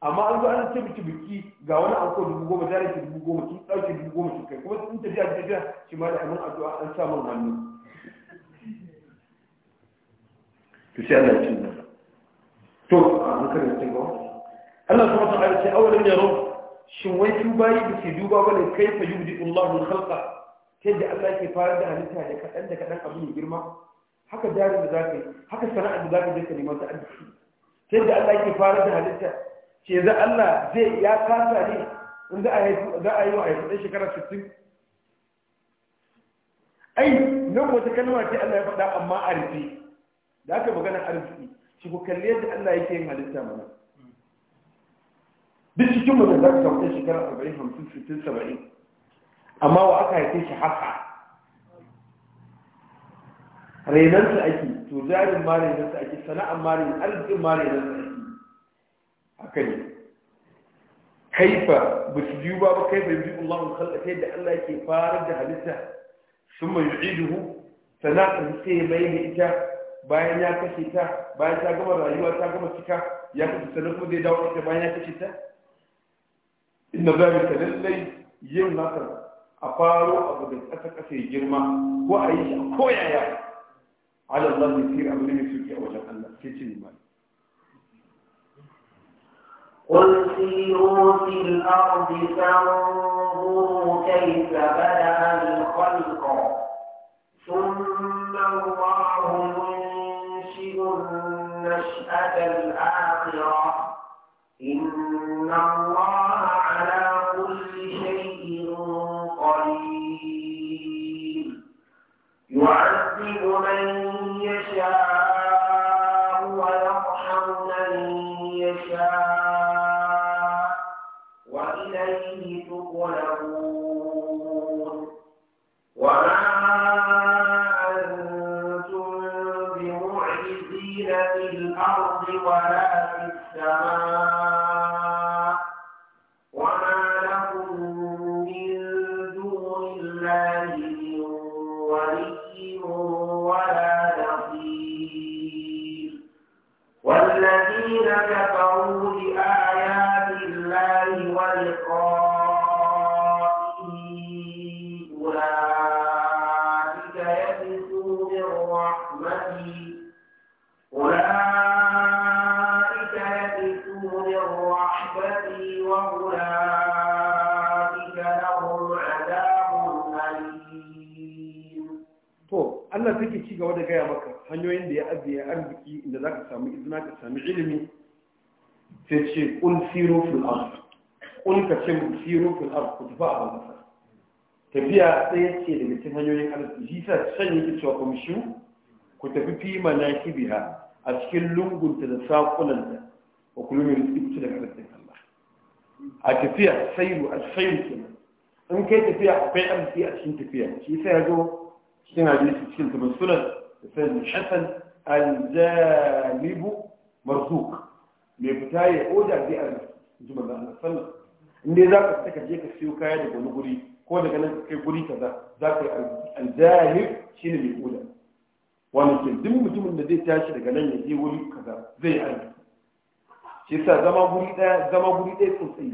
amma an zo an ce miki biki ga wani anko dubu goma ta rage dubu goma kin dauke dubu goma sun kai kuma sun tafiya tafiya shi ma da amin addu'a an sa mun hannu to sai Allah ya cinna to an kada ce ba Allah subhanahu wa ta'ala ce awalan yaro shin wai su bayi da ke duba bane kaifa yubdi Allahu al-khalqa da Allah ke fara da halitta da kadan da kadan abu ne girma haka jarin da zaka yi haka sana'a da zaka je ka neman ta arziki da Allah ke fara da halitta ce da Allah zai ya kasa ne in za a yi wa a yi ɗan shekarar 60 ai nan wata kalmar ce Allah ya faɗa amma a rufe da aka magana a rufe shi ku kalli yadda Allah yake yin halitta mana duk cikin mutum za ka samu ɗan shekara 40 50 60 70 amma wa aka haife shi haka renansa ake to jarin ma renansa ake sana'ar ma renansa arzikin ma renansa ake haka ne kaifa ba su biyu ba ba bai yanzu Allah mu kallata yadda Allah yake farar da halitta sun mai yu'iduhu sana'ar sai mai bayyana ita bayan ya kashe ta bayan ta gama rayuwa ta gama cika ya kashe ta kuma zai dawo ita bayan ya kashe ta inna zalika lallai yin nasar a faro abu da ƙasa ƙasa girma ko a yi ko yaya ala Allah ne sirri abu ne mai suke a wajen Allah sai cin ni قل سيروا في الأرض فانظروا كيف بدأ الخلق ثم الله ينشئ النشأة الآخرة إن الله على كل شيء قدير يعذب من يشاء siru fil ard kun ka ce mu siru fil ard ku tafi a ban kasa tafiya ɗaya ce daga cikin hanyoyin arziki shi sa can yake cewa ku mishu ku tafi fi mana kibiha a cikin lungunta da sakunanta wa kullu min rizqi daga arzikin Allah a tafiya sairu al-sairu kenan in kai tafiya akwai arziki a cikin tafiya shi sai ya zo cikin hadisi cikin tabassulan da sai hasan al-jalibu marzuk mai fita ya oda bi a in ji manzo Allah sallallahu in za ka saka je ka siyo kaya daga wani guri ko daga nan kai guri kaza za ka yi aljahir shine mai kula wani ke duk mutumin da zai tashi daga nan ya je wuri kaza zai yi aiki shi sa zama guri daya zama guri daya sosai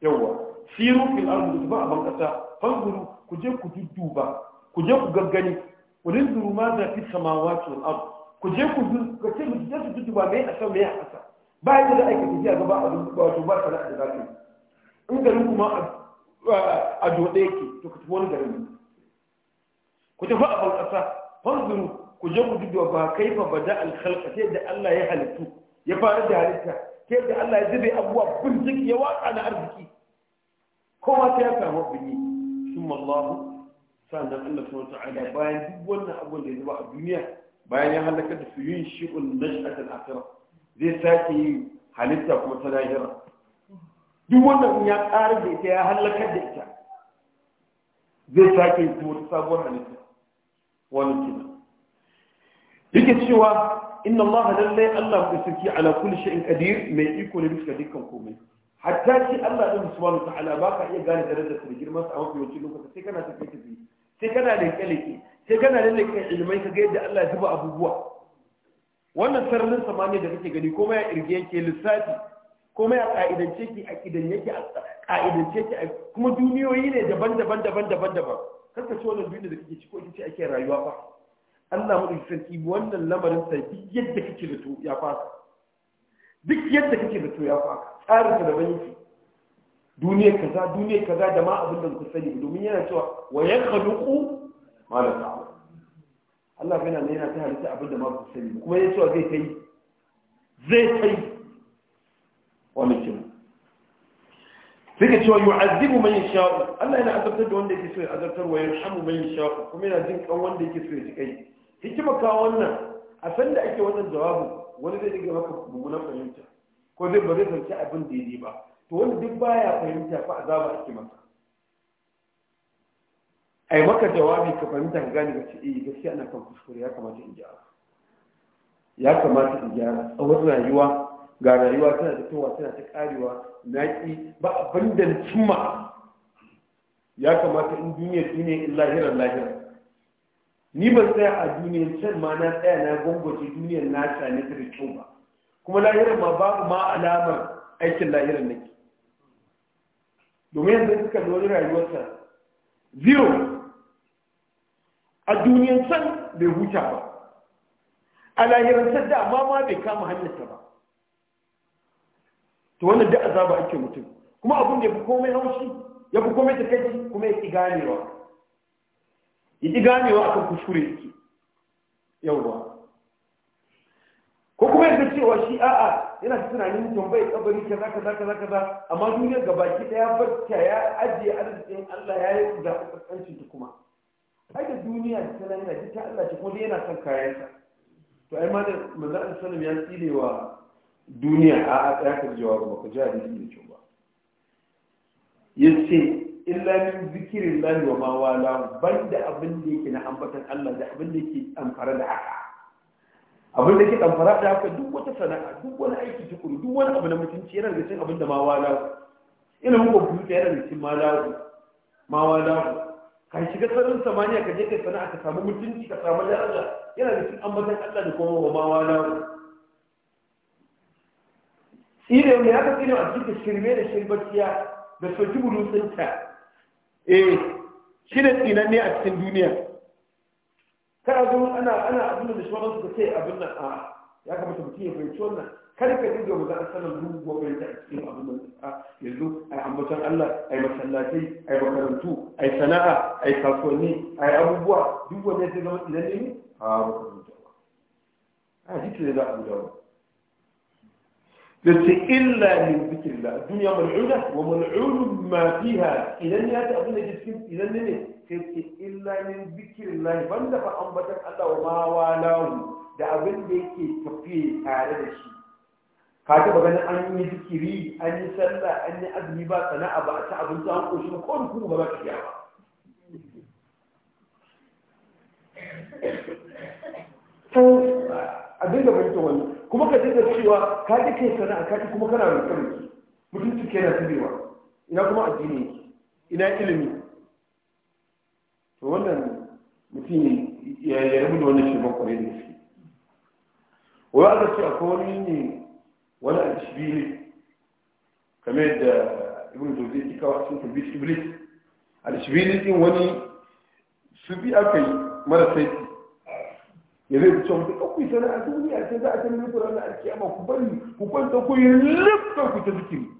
yawa siru fil ardi ba a ban kasa fanzuru ku je ku dudduba ku je ku gaggani ulin duru ma da fi samawa wal ku je ku ku ce mu je ku dudduba mai a sama mai a ƙasa. ba yadda za a yi tafiya ga ba a duk wato ba sana'a da za yi in garin kuma a dode yake to ka tafi wani garin ku tafi a bankasa fanzuru ku je ku dubi ba kai fa bada alkhalqa sai da Allah ya halittu ya fara da halitta sai da Allah ya zube abuwa birziki ya watsa na arziki kowa ta ya samu bini summa Allah sannan Allah subhanahu ta'ala bayan duk wannan abu da ya zuba a duniya bayan ya halaka da su yin shi'un nash'atul akhirah zai sake yi halitta kuma ta lahira duk wannan ya ƙarar da ita ya hallakar da ita zai sake yi kuma ta sabuwar halitta wani kina yake cewa inna allaha lallai allah da sarki ala kulli shay'in qadir mai iko ne bisa dukkan komai hatta shi allah din subhanahu ta'ala ba ka iya gane darajar da girman sa a mafi yawancin lokaci sai kana tafiye tafiye sai kana da leke sai kana da leke ilmai ka ga yadda allah ya zuba abubuwa wannan sararin samaniya da kake gani kuma ya irge yake lissafi komai a ka'idance ki a kidan yake a ka'idance ki kuma duniyoyi ne daban-daban daban-daban daban kaka ce wannan duniya da kake ci, ko ita ce ake rayuwa fa Allah mu sarki wannan lamarin sa duk yadda kake da to ya fasa duk yadda kake da to ya fasa tsarin ka da banki duniya kaza duniya kaza da ma abin da ku sani domin yana cewa wa yakhluqu ma la Allah yana ne yana ta halitta abin da ma ku sani kuma ya cewa zai kai zai kai wannan kina suka cewa yu'azzibu man yasha Allah yana azabtar da wanda yake so ya azabtar wa yarhamu man yasha kuma yana jin kan wanda yake so ya ji kai hikima ka wannan a san da ake wannan jawabi wani zai dinga maka mummunan fahimta ko zai ba zai fahimci abin daidai ba to wanda duk baya fahimta fa azaba ake masa ai maka jawabi ka fahimta ka gane ba ce eh gaskiya ana kan kuskure ya kamata in gyara ya kamata in gyara tsawon rayuwa ga rayuwa tana da towa tana ta karewa naki ba abin da cimma ya kamata in duniya duniya in lahira lahira ni ban tsaya a duniyar can ma na tsaya na gwangwace duniyar na sha ne da kyau ba kuma lahirar ma babu ma alamar aikin lahirar nake domin yanzu suka lori rayuwarsa zero a duniyar san bai huta ba a san da amma ma bai kama hannunsa ba to wannan da azaba ake mutum kuma abin da ya fi komai haushi ya fi komai takaici kuma ya ƙi ganewa ya ƙi ganewa akan kuskure yake yauwa ko kuma ya yadda cewa shi a'a yana ta tunanin tambayi kabari ka za ka za za amma duniyar ga baki ɗaya barka ya ajiye arzikin Allah ya yi zaɓi ƙasƙancin ta kuma ai da duniya ta nan yana ta Allah ce kuma yana son kayansa to ai ma da manzo Allah sallam ya tsire wa duniya a a tsaya ka jawabu ba ka ji hadisi da kyau ba yace illa min zikrillahi wa ma wala banda abin da yake na ambatan Allah da abin da yake amfara da haka abin da ke damfara da haka duk wata sana'a duk wani aiki tukuru duk wani abu na mutunci yana da cin abin da ma wala ilimin kwamfuta yana da cin cikin ma wala ka shiga sararin samaniya ka je kai sana'a ka samu mutunci ka samu daraja yana da cin ambatan Allah da kuma wa ma wala tsire ne ya kasance a cikin shirme da shirbaciya da soki bulutsinta eh shi ne tsinanne a cikin duniya kada zo ana ana abin da shawaran suka ce abin nan a ya kamata mutum ya fahimci wannan kada ka dinga mu zan sanar dubu gobe da cikin abin nan a yanzu ai ambaton Allah ai masallaci, ai makarantu ai sana'a ai kasuwanni ai abubuwa duk wanda ya zama idan ne a ba ka rubuta a jiki da za a لسي إلا من ذكر الله الدنيا ملعونة وملعون ما فيها إذا نيات أبنى جسكين إذا نيات لسي إلا من ذكر الله فاندى فأنبتا الله وما والاه دا أبنى بيكي تقيه تعالى الشيء kaje magana an yi zikiri an yi sallah an yi azumi ba sana'a ba ta abinci an koshi ko ni kuma ba ta yawa to abin da mun yi to wannan kuma ka dinga cewa ka ji kai sana'a ka ji kuma kana roƙon mutunci kai na tubewa ina kuma addini ina ilimi to wannan mutum ya yi rabu da wannan shirman kwarai da shi Wani aka ce akwai wani ne wani alshibi ne kamar yadda ibn jozi ya kawo cikin tabbis iblis alshibi ne din wani su bi aka yi mara saiti ya zai wuce wata ɗauki sana a duniya ce za a san muku ranar amma ku bari ku kwanta ku yi lifta ku ta zikiri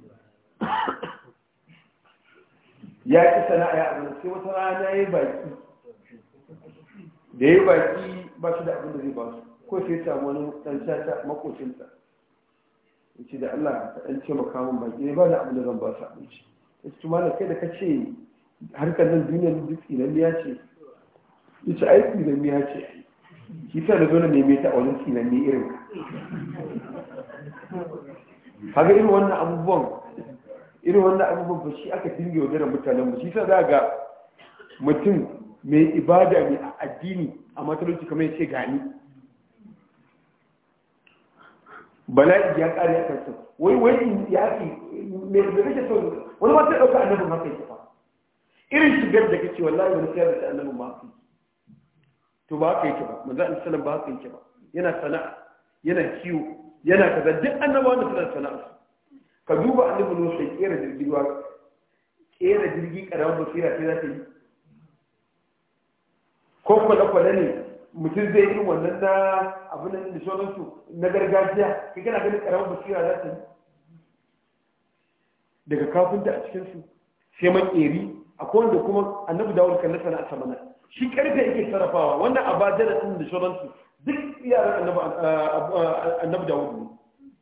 ya ƙi sana'a ya abin sai wata rana ya baki da ya baki ba shi da abin da zai ba su ko sai samu wani ɗan caca makocinta yace ce da Allah ka ɗan ce makamin baki ne ba da abin da zan ba su abinci ta ce malam kai da ka ce harkar nan duniya duk tsinanniya ce ya ce da miya ce ai shi sa da zo na neme ta a wajen tsinan ne irin haka irin wannan abubuwan irin wannan abubuwan ba shi aka dinga yaudarar mutanen mu shi sa za ga mutum mai ibada mai addini a matalauci kamar ya ce gani bala'i ya kare ya kansa wai wai ya fi mai zai kake sau? wani ma ɗauka dauka annabin haka ya fa irin shigar da kake wallahi wani sayar da annabin ma haka to ba ka yake ba manzo Allah sallallahu ba ka yake ba yana sana'a yana kiwo yana kaza duk annabawa da suna sana'a ka duba annabi Nuhu sai kera jirgin ruwa kera jirgin ba basira sai za ta yi ko kwale-kwale ne mutum zai yi wannan na abin da su na gargajiya kai kana ganin ba basira za ta yi daga kafinta a cikinsu sai man ƙeri akwai wanda kuma annabi dawud kan nasana a samanar shi karfe yake sarrafawa wannan abadar din da shoransu duk yaran annabi da ne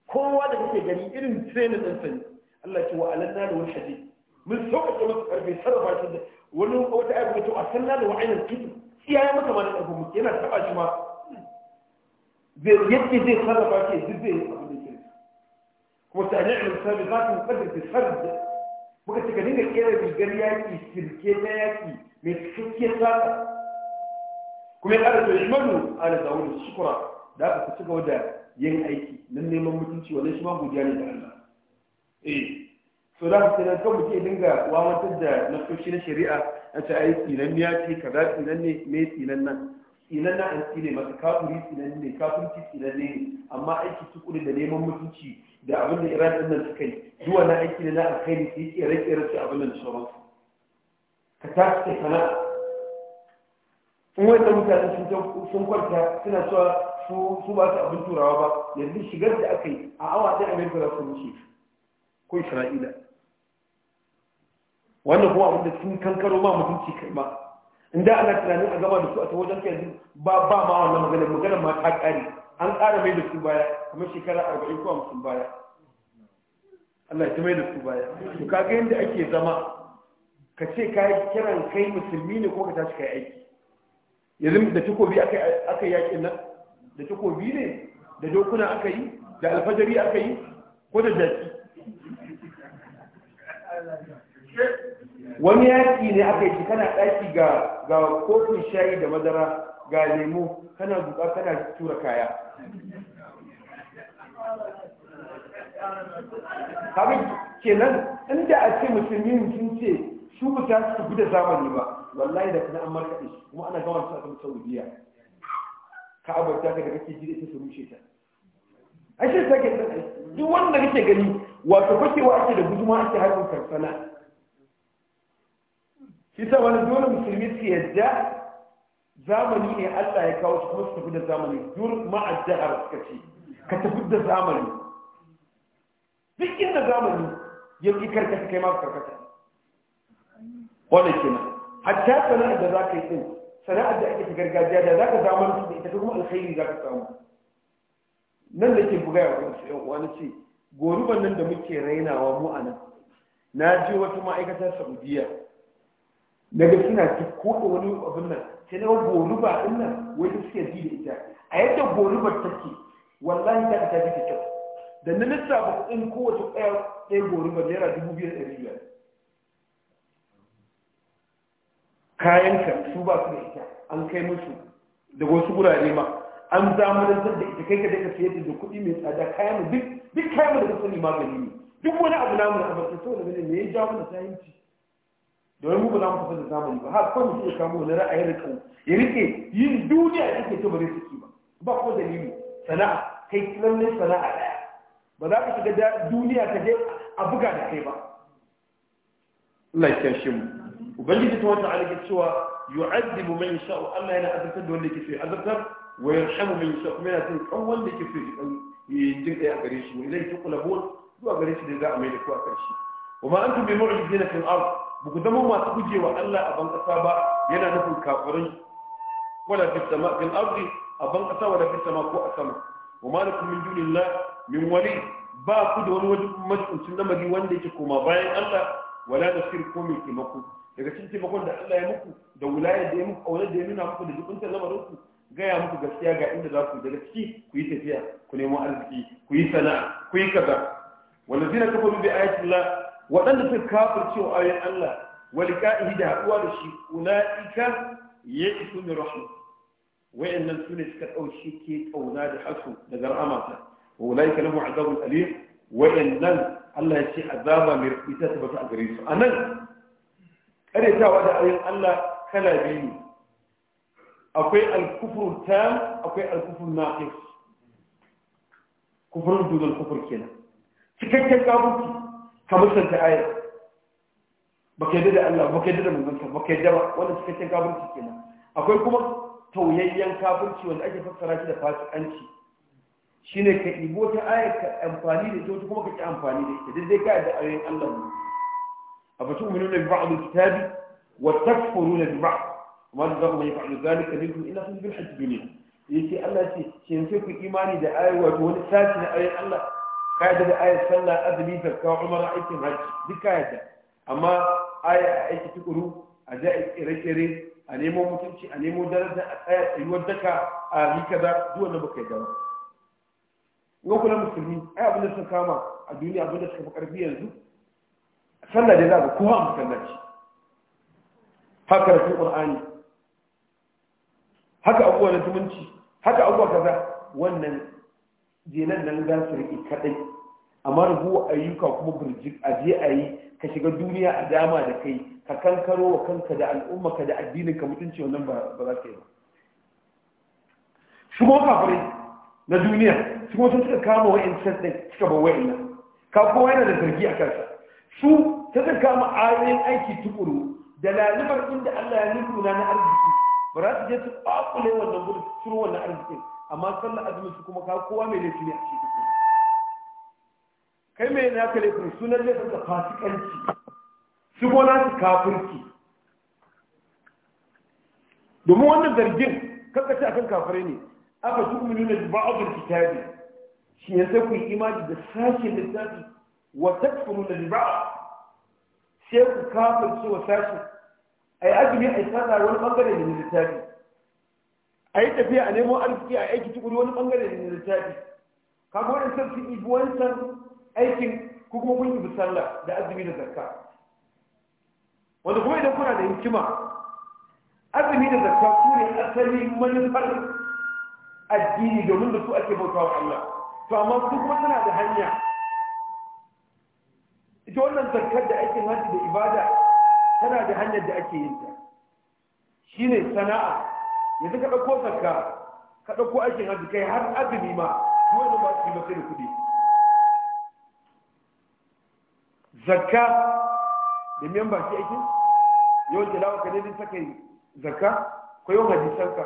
kowa da kake gani irin training din sani Allah ya ce wa alanna da wani hadid mun sauƙaƙe masa karfe sarrafa shi da wani wata abu ne to a sanna da wa'ainin kitu iya ya ma mana ɗaukar mu yana taɓa shi ma yadda zai sarrafa shi duk zai abu da ke kuma ta ni'imar sabi za ta kadar ta sarrafa muka ce ka dinga kera rigar yaƙi sirke na yaƙi mai cikakken sata kuma ya ƙara shi manu ala zaune shukura da aka ci gaba da yin aiki nan neman mutunci wannan shi ma godiya ne da Allah eh so da sai nan kawai ke dinga wawantar da nasoshi na shari'a a ta aiki nan ya ce kaza tsinan ne me tsinan nan tsinan na an tsine masu kafuri tsinan ne kafirci tsinan ne amma aiki tukuri da neman mutunci da abin da iran din nan suka yi zuwa na aiki na alkhairi su yi kere-kere su abin nan sauransu ka tashi kai sana'a in ta mutane sun kwanta suna cewa su ba su abin turawa ba yanzu shigar da aka yi a awa ɗaya amerika za su wuce ko isra'ila wannan kuma abin da sun kankaro ma mutunci kai ma Inda ana tunanin a gaba da su a ta wajen kai ba ba ma wannan maganar maganar ma ta ƙare an ƙara mai da su baya kamar shekara arba'in ko hamsin baya Allah ya mai da su baya to kaga yadda ake zama ka ce ka kiran kai musulmi ne ko ka tashi kai aiki yanzu da takobi aka yaƙin nan da takobi ne da dokuna aka yi da alfajari aka yi ko da jaki wani yaki ne aka yi kana daki ga ga kofin shayi da madara ga lemo kana buka kana tura kaya haka kenan inda a ce musulmi sun ce su ku ta su da zamani ba wallahi da kana amma kaɗe kuma ana gawar su a kan saudiya ka abarta ka da kake ji da ita su rushe ta ashe sai ke duk wanda kake gani wato wa ake da guduma ake haɗin karsana shi wani dole musulmi su yadda zamani ne Allah ya kawo su kuma su tafi da zamani dur ma'ajjahar suka ce ka tafi da zamani duk inda zamani ya fi karkata kai masu karkata wanda kenan hatta sana'ar da za ka yi ɗin sana'ar da ake ta gargajiya da za ka zamani su da ita kuma alkhairi za ka samu nan da ke buga ya kuma su yan wani ce goruban nan da muke rainawa mu a nan na je wata ma'aikatar saudiya na ga suna ko da wani abin nan sai na ba din nan wani suke ji da ita a yadda ta take wallahi ta ji ta kyau da na in ko kowace ɗaya ɗaya ba naira dubu biyar da biyar kayanka su ba su da ita an kai musu da wasu gurare ma an zamanantar da ita kai ka daga sayar da kuɗi mai tsada kayan duk duk kayan da ka sani magani ne duk wani abu namu na abarta saboda ne ya jawo da sayanci domin mu ba za mu kusa da zamani ba har kawai mutum ya kamo wani ra'ayin rikau ya rike yin duniya da ake ce ba zai saki ba ba ko dalili sana'a kai lallai sana'a ɗaya ba za ka shiga duniya ka je a buga da kai ba Allah ya kyashe mu ubangiji ta wata alaƙa cewa yu'azzibu man yasha'u Allah yana azabtar da wanda yake so ya azabtar wa yarhamu man yasha'u kuma yana son kan wanda yake so ya jin kai a gare shi wa ilayhi tuqlabun zuwa gare shi da za a mai da ku a karshe wa ma antum bi mu'jizina fil ard ba ku zama masu gujewa Allah a ban ƙasa ba yana nufin kafirin wala fi sama Bin ardi a ban ƙasa wala fi sama ko a sama wa ma min dunillah min wali ba ku da wani majibincin lamari wanda yake koma bayan Allah wala da nasir ko mai taimako daga cikin taimakon da Allah ya muku da wulayar da ya muku kaunar da ya nuna muku da jibintar lamarinku ku gaya muku gaskiya ga inda za ku daga ciki ku yi tafiya ku nemo arziki ku yi sana'a ku yi kaza zina kafaru bi ayatillah waɗanda suka kafirce wa ayoyin Allah wa liqa'ihi da haɗuwa da shi ya ulaika ya'isu min rahmat wayannan sune suka ɗauki ke kauna da da daga rahamarsa wa ulaika lahu azabun alim wayannan Allah ya ce azaba mai ita ta bata a gare su anan karetawa da ayoyin Allah kala biyu akwai al-kufru tam akwai al-kufru naqis kufrun dudul kufur kenan cikakken kafirci ka musanta aya ba ka yadda da Allah ba ka yadda da manzansa ba ka yadda ba wanda suka cin kafirci kenan akwai kuma tauyayyen kafirci wanda ake fassara shi da fasikanci shine ka ibo ta aya ka amfani da ita kuma ka ki amfani da ita dai ka yadda ayoyin Allah ne a batun minu da ba'd al-kitabi wa takfuruna bi ba'd amma da zaka mai fa'alu zalika minkum illa sun bil hajj dunya yace Allah ce shin sai ku imani da ayoyi wato wani sashi na ayoyin Allah ka da ayat sallah azumi zakka umar aikin hajji duk ka yadda amma aya a aiki tukuru a ja kere-kere a nemo mutunci a nemo daraja a tsaya tsayuwar daka a yi kaza duk wanda baka da ba ga kula musulmi ai abin da suka kama a duniya abin da suka fi karfi yanzu sallah da za ga kowa a masallaci haka rafin qur'ani haka abubuwa na zumunci haka abubuwa kaza wannan jelan nan za su riƙe kaɗai amma raguwa ayyuka kuma birjik a je a yi ka shiga duniya a dama da kai ka kankaro wa kanka da al'umma ka da addinin ka mutunci wannan ba za ka yi ba shigo kafirai na duniya shigo sun suka kama wa can ɗin suka ba wa'in nan kowa yana da zargi a kansa su ta suka kama ayoyin aiki tukuru da lalibar inda Allah ya nuna na arziki ba za su je su ƙwaƙule wannan gudun su wannan arzikin amma sallar azumin su kuma ka kowa mai laifi ne a cikin kai mai na ka laifin sunan laifin da fasikanci su gona su kafirci domin wannan zargin a akan kafirai ne aka tu'minu da ba'dul kitabi shi ya sai ku yi imani da sashen littafi wa takfuru da ba'd sai ku kafirce wa sashen yi azumi yi sallah wani bangare ne littafi a yi tafiya a nemo arziki a aiki tukuri wani bangare da littafi kaga wannan sai ibi wancan aikin ko kuma kun ibi sallah da azumi da zakka wanda kuma idan kuna da hikima azumi da zakka su ne asali manufar addini domin da su ake bauta wa Allah to amma su kuma tana da hanya ita wannan zakkar da aikin haji da ibada tana da hanyar da ake yin ta shine sana'a yanzu ka ɗauko sarka ka ɗauko aikin hajji kai har azumi ma dole ba su yi masu da kuɗi zakka da miyan shi aikin yawan jalawa ka nemi saka zakka ko yawan hadisanka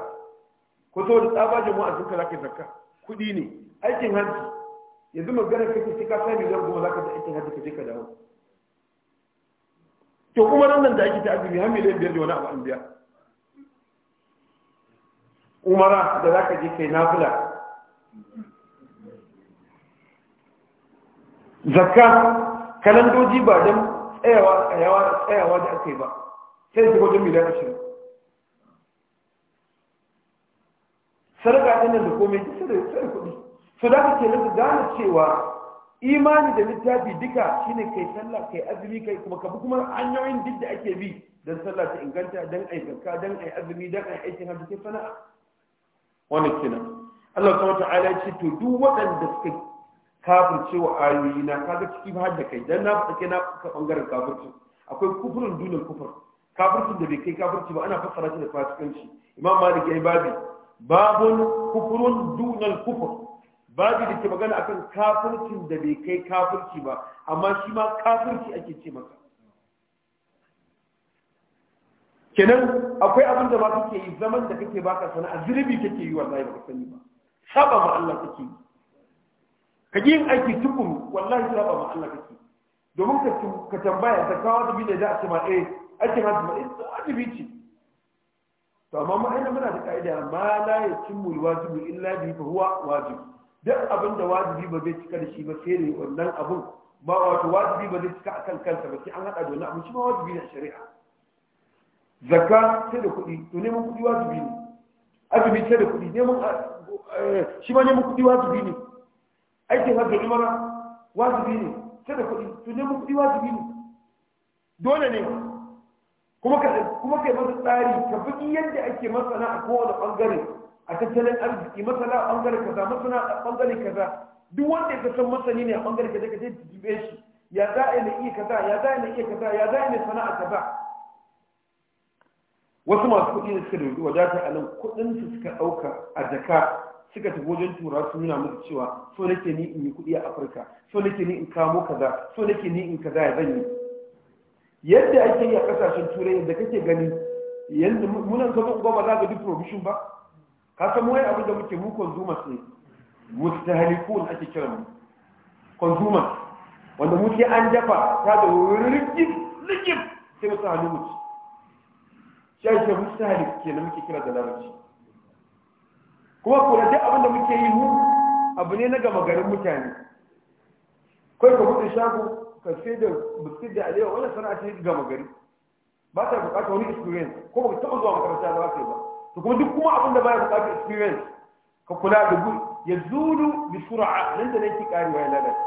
ko da tsabajin wa'azinka za ka yi zakka kuɗi ne aikin hajji yanzu magana kake sai ka sai miliyan goma za ka ta aikin hajji ka je ka dawo to kuma nan da ake ta azumi har miliyan biyar da wani abu an biya umara da za ka je kai nafila zakka kalandoji ba don tsayawa da aka yi ba sai su wajen miliyan ashirin sarƙa ɗin da komai ta sai kuɗi su da ka ke nasu gane cewa imani da littafi duka shine kai sallah kai azumi kai kuma kabi kuma hanyoyin duk da ake bi don sallah ta inganta don ai zakka don ai azumi don ai aikin hajji kai sana'a Wani kenan Allah subhanahu ta'ala ya ce to duk waɗanda suka kafirce wa ayoyi na kaga ciki ba da kai dan na fake na ka bangaren kafirci akwai kufurin dunin kufur kafirci da bai kai kafirci ba ana fassara shi da fasikanci imam malik ya yi babi babun kufurun dunan kufur babu da ke magana akan kafircin da bai kai kafirci ba amma shi ma kafirci ake ce maka kenan akwai abin da ba kake yi zaman da kake baka sana'a zulubi kake yi wallahi ba sani ba saba ma Allah kake yi ka yin aiki tukuru wallahi saba ma Allah kake domin ka ka tambaya ta kawo da bidai da a cewa eh ake ma ma eh wajibi ce to amma mu aina muna da kaida ma la yatimmu wajibi illa bi fa huwa wajib duk abin da wajibi ba zai cika da shi ba sai ne wannan abun ba wato wajibi ba zai cika akan kansa ba sai an hada da wani abin shi ma wajibi ne shari'a zakka sai da kuɗi to neman kuɗi zubi ne azumi sai da kuɗi neman eh, eh, shi ma neman kuɗi zubi ne aikin hajji umara zubi ne sai da kuɗi to neman kuɗi zubi ne dole ne kuma ka kuma kai masa tsari ka bi yadda ake masana a kowane bangare a tattalin arziki masana a bangare kaza masana a bangare kaza duk wanda ya san masani ne a bangare kaza ka je shi ya za a yi na iya kaza ya za a yi na iya kaza ya za a yi na sana'a kaza wasu masu kuɗi da suka dauki wadata a nan kuɗin su suka ɗauka a jaka suka tafi wajen tura su nuna musu cewa so nake ni in yi kuɗi a afirka so nake ni in kamo kaza so nake ni in kaza ya zan yi yadda ake yi a ƙasashen turai yadda kake gani yadda muna zama ba za ga duk provision ba ka san wai abin da muke mu consumers ne mustahalikun ake kiran mu consumers wanda muke an dafa ta da wurin rigib rigib sai mu sa halin mu misali ke na muke kira da larabci kuma kula duk abin da muke yi mu abu ne na gama garin mutane kai ka buɗe shago ka sai da biskit da alewa wannan sana'a ce gama gari ba ta bukata wani experience ko ba ka zuwa makaranta da ba to kuma duk kuma abin da ba ya bukata experience ka kula da gudu ya zulu bi sura'a nan da nake karewa ya lalace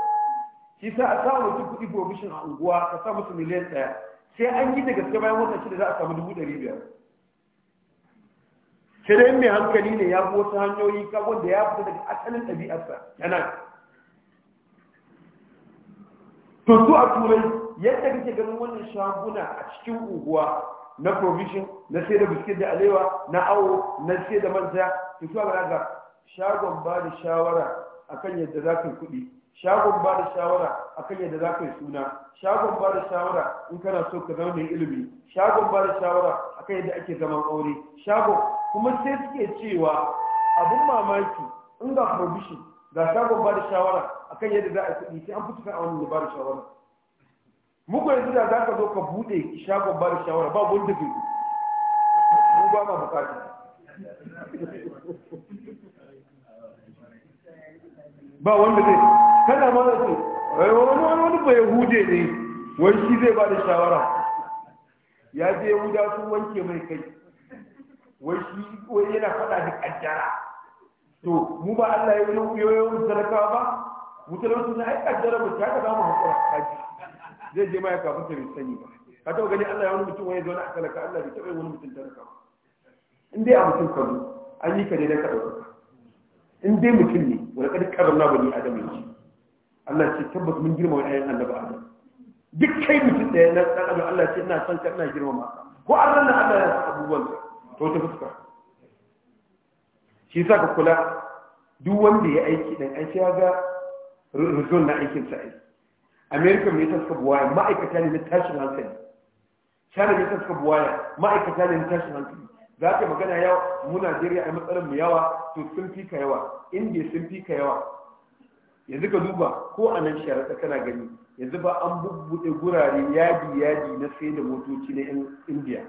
shi sa a samu mutum kuɗi provision a unguwa ka sa musu miliyan ɗaya sai an yi da gaske bayan wata shida za a samu dubu ɗari biyar sai dai mai hankali ne ya bi wasu hanyoyi kawo da ya fita daga asalin ɗabi'arsa yana to su a turai yadda kake ganin wannan shaguna a cikin unguwa na provision na sai da biskit da alewa na awo na sai da manja to su a ga shagon ba da shawara akan yadda za ka kuɗi shagon ba da shawara a kan yadda za ka yi suna shagon ba da shawara in kana so ka zama mai ilimi shagon ba da shawara a kan yadda ake zaman aure shagon kuma sai suke cewa abin mamaki in ga provision ga shagon ba da shawara a kan yadda za a kuɗi sai an fito kan awon ba da shawara muku yanzu da za ka zo ka buɗe shagon ba da shawara ba da zai mu ba ma bukata ba wanda zai kana ma da su eh, wani wani wani ba yahude ne wai shi zai ba da shawara ya je yahuda sun wanke mai kai wai shi yana faɗa da ƙaddara to mu ba Allah ya yi yoyon talakawa ba mu talautu na ai ƙaddara mu ta ka za mu haƙura kaji zai je ma kafin ta bai sani ba ka taɓa gani Allah ya wani mutum wani zaune a talaka Allah bai taɓa wani mutum talaka ba in dai a mutum ka an yi ka ne na ka in dai mutum ne wani ƙarƙarar na bani adam ya Allah ce tabbas mun girmama ƴaƴan annabi Adam duk kai mutum ɗaya na ɗan adam Allah ce ina son ka ina girmama ka ko an ranar Allah ya san abubuwan to ta fuska shi sa ka kula duk wanda ya aiki dan an ya ga rizon na aikin sa aiki America mai ta suka buwaya ma'aikata ne na tashin hankali China mai ta suka buwaya ma'aikata ne na tashin hankali za ka magana yawa mu Najeriya a matsalar mu yawa to sun fi ka yawa India sun fi ka yawa yanzu ka duba ko a nan ta kana gani yanzu ba an bubbuɗe gurare yadi yadi na sai da motoci na indiya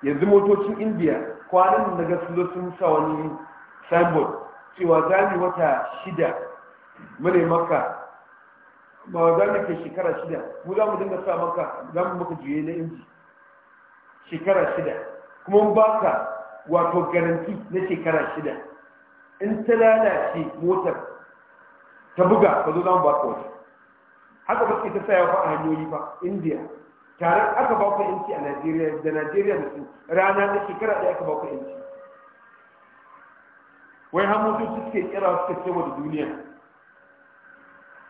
yanzu motocin indiya kwanan da ga sun sun sa wani signboard cewa za ni wata shida mune maka ba za ne ke shekara shida mu za mu dinga sa maka za mu maka juye na inji shekara shida kuma baka wato garanti na shekara shida in ta lalace motar ta buga ka zo za mu baka wata haka ba ita sayawa ba a hanyoyi ba india tare aka ba ku yanci a najeriya da najeriya da su rana da shekara ɗaya aka ba ku yanci wai hamutu suke kira suka ce wa da duniya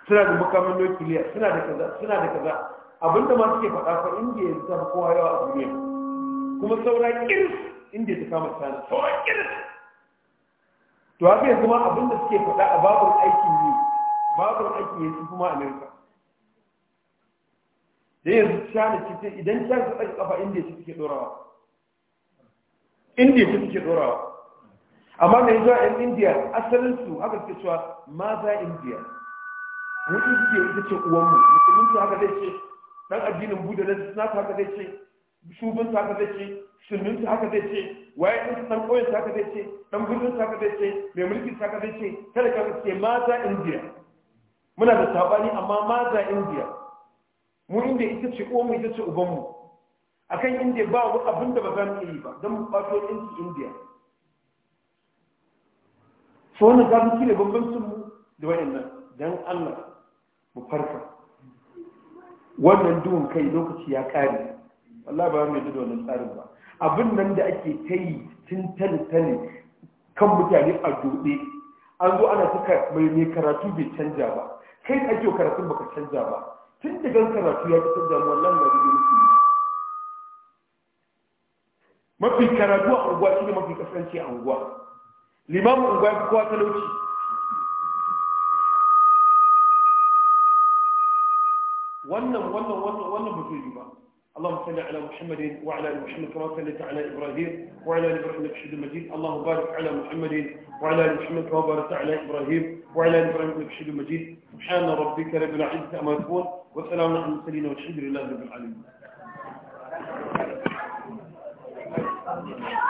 suna da makamin nukiliya suna da kaza suna da kaza abinda ma suke faɗa fa india yanzu ta kowa yawa a duniya kuma saura kiris indiya ta kama sana saura kiris to haka yanzu ma abin da suke faɗa a babur aikin yi babur aiki ne su kuma amerika da yanzu shana cikin idan china ta tsaka kafa inda su suke dorawa inda su suke dorawa amma mai zuwa yan indiya asalin su haka suke cewa za indiya mu suke ita ce uwanmu musulunci haka zai ce dan addinin buda na suna haka zai ce shubin haka zai ce shirmin haka zai ce waye ɗin ɗan ƙoyin haka zai ce ɗan birnin haka zai ce mai mulkin haka zai ce kada ka ce mata indiya muna da sabani amma mata indiya mu inda ita ce mu ita ce ubanmu akan indiya ba abin da ba za mu yi ba don mu ɓato ɗinki indiya so wannan za mu bambancin mu da wayannan dan Allah mu farka wannan duhun kai lokaci ya kare Allah ba mai da wannan tsarin ba abin nan da ake tayi tun tane kan mutane a dode an zo ana suka mai ne karatu bai canja ba kai ake karatun baka canja ba tun da gan karatu ya ta canja wallahi na rige musu mafi karatu a unguwa shi ne mafi kasance a unguwa limamin unguwa ya fi kowa talauci wannan wannan wannan wannan ba zai yi ba اللهم صل على محمد وعلى ال محمد كما صليت على ابراهيم وعلى ال ابراهيم انك حميد مجيد اللهم بارك على محمد وعلى ال محمد كما باركت على ابراهيم وعلى ال ابراهيم انك حميد مجيد سبحان ربك رب العزه عما يصفون وسلام على المرسلين والحمد لله رب العالمين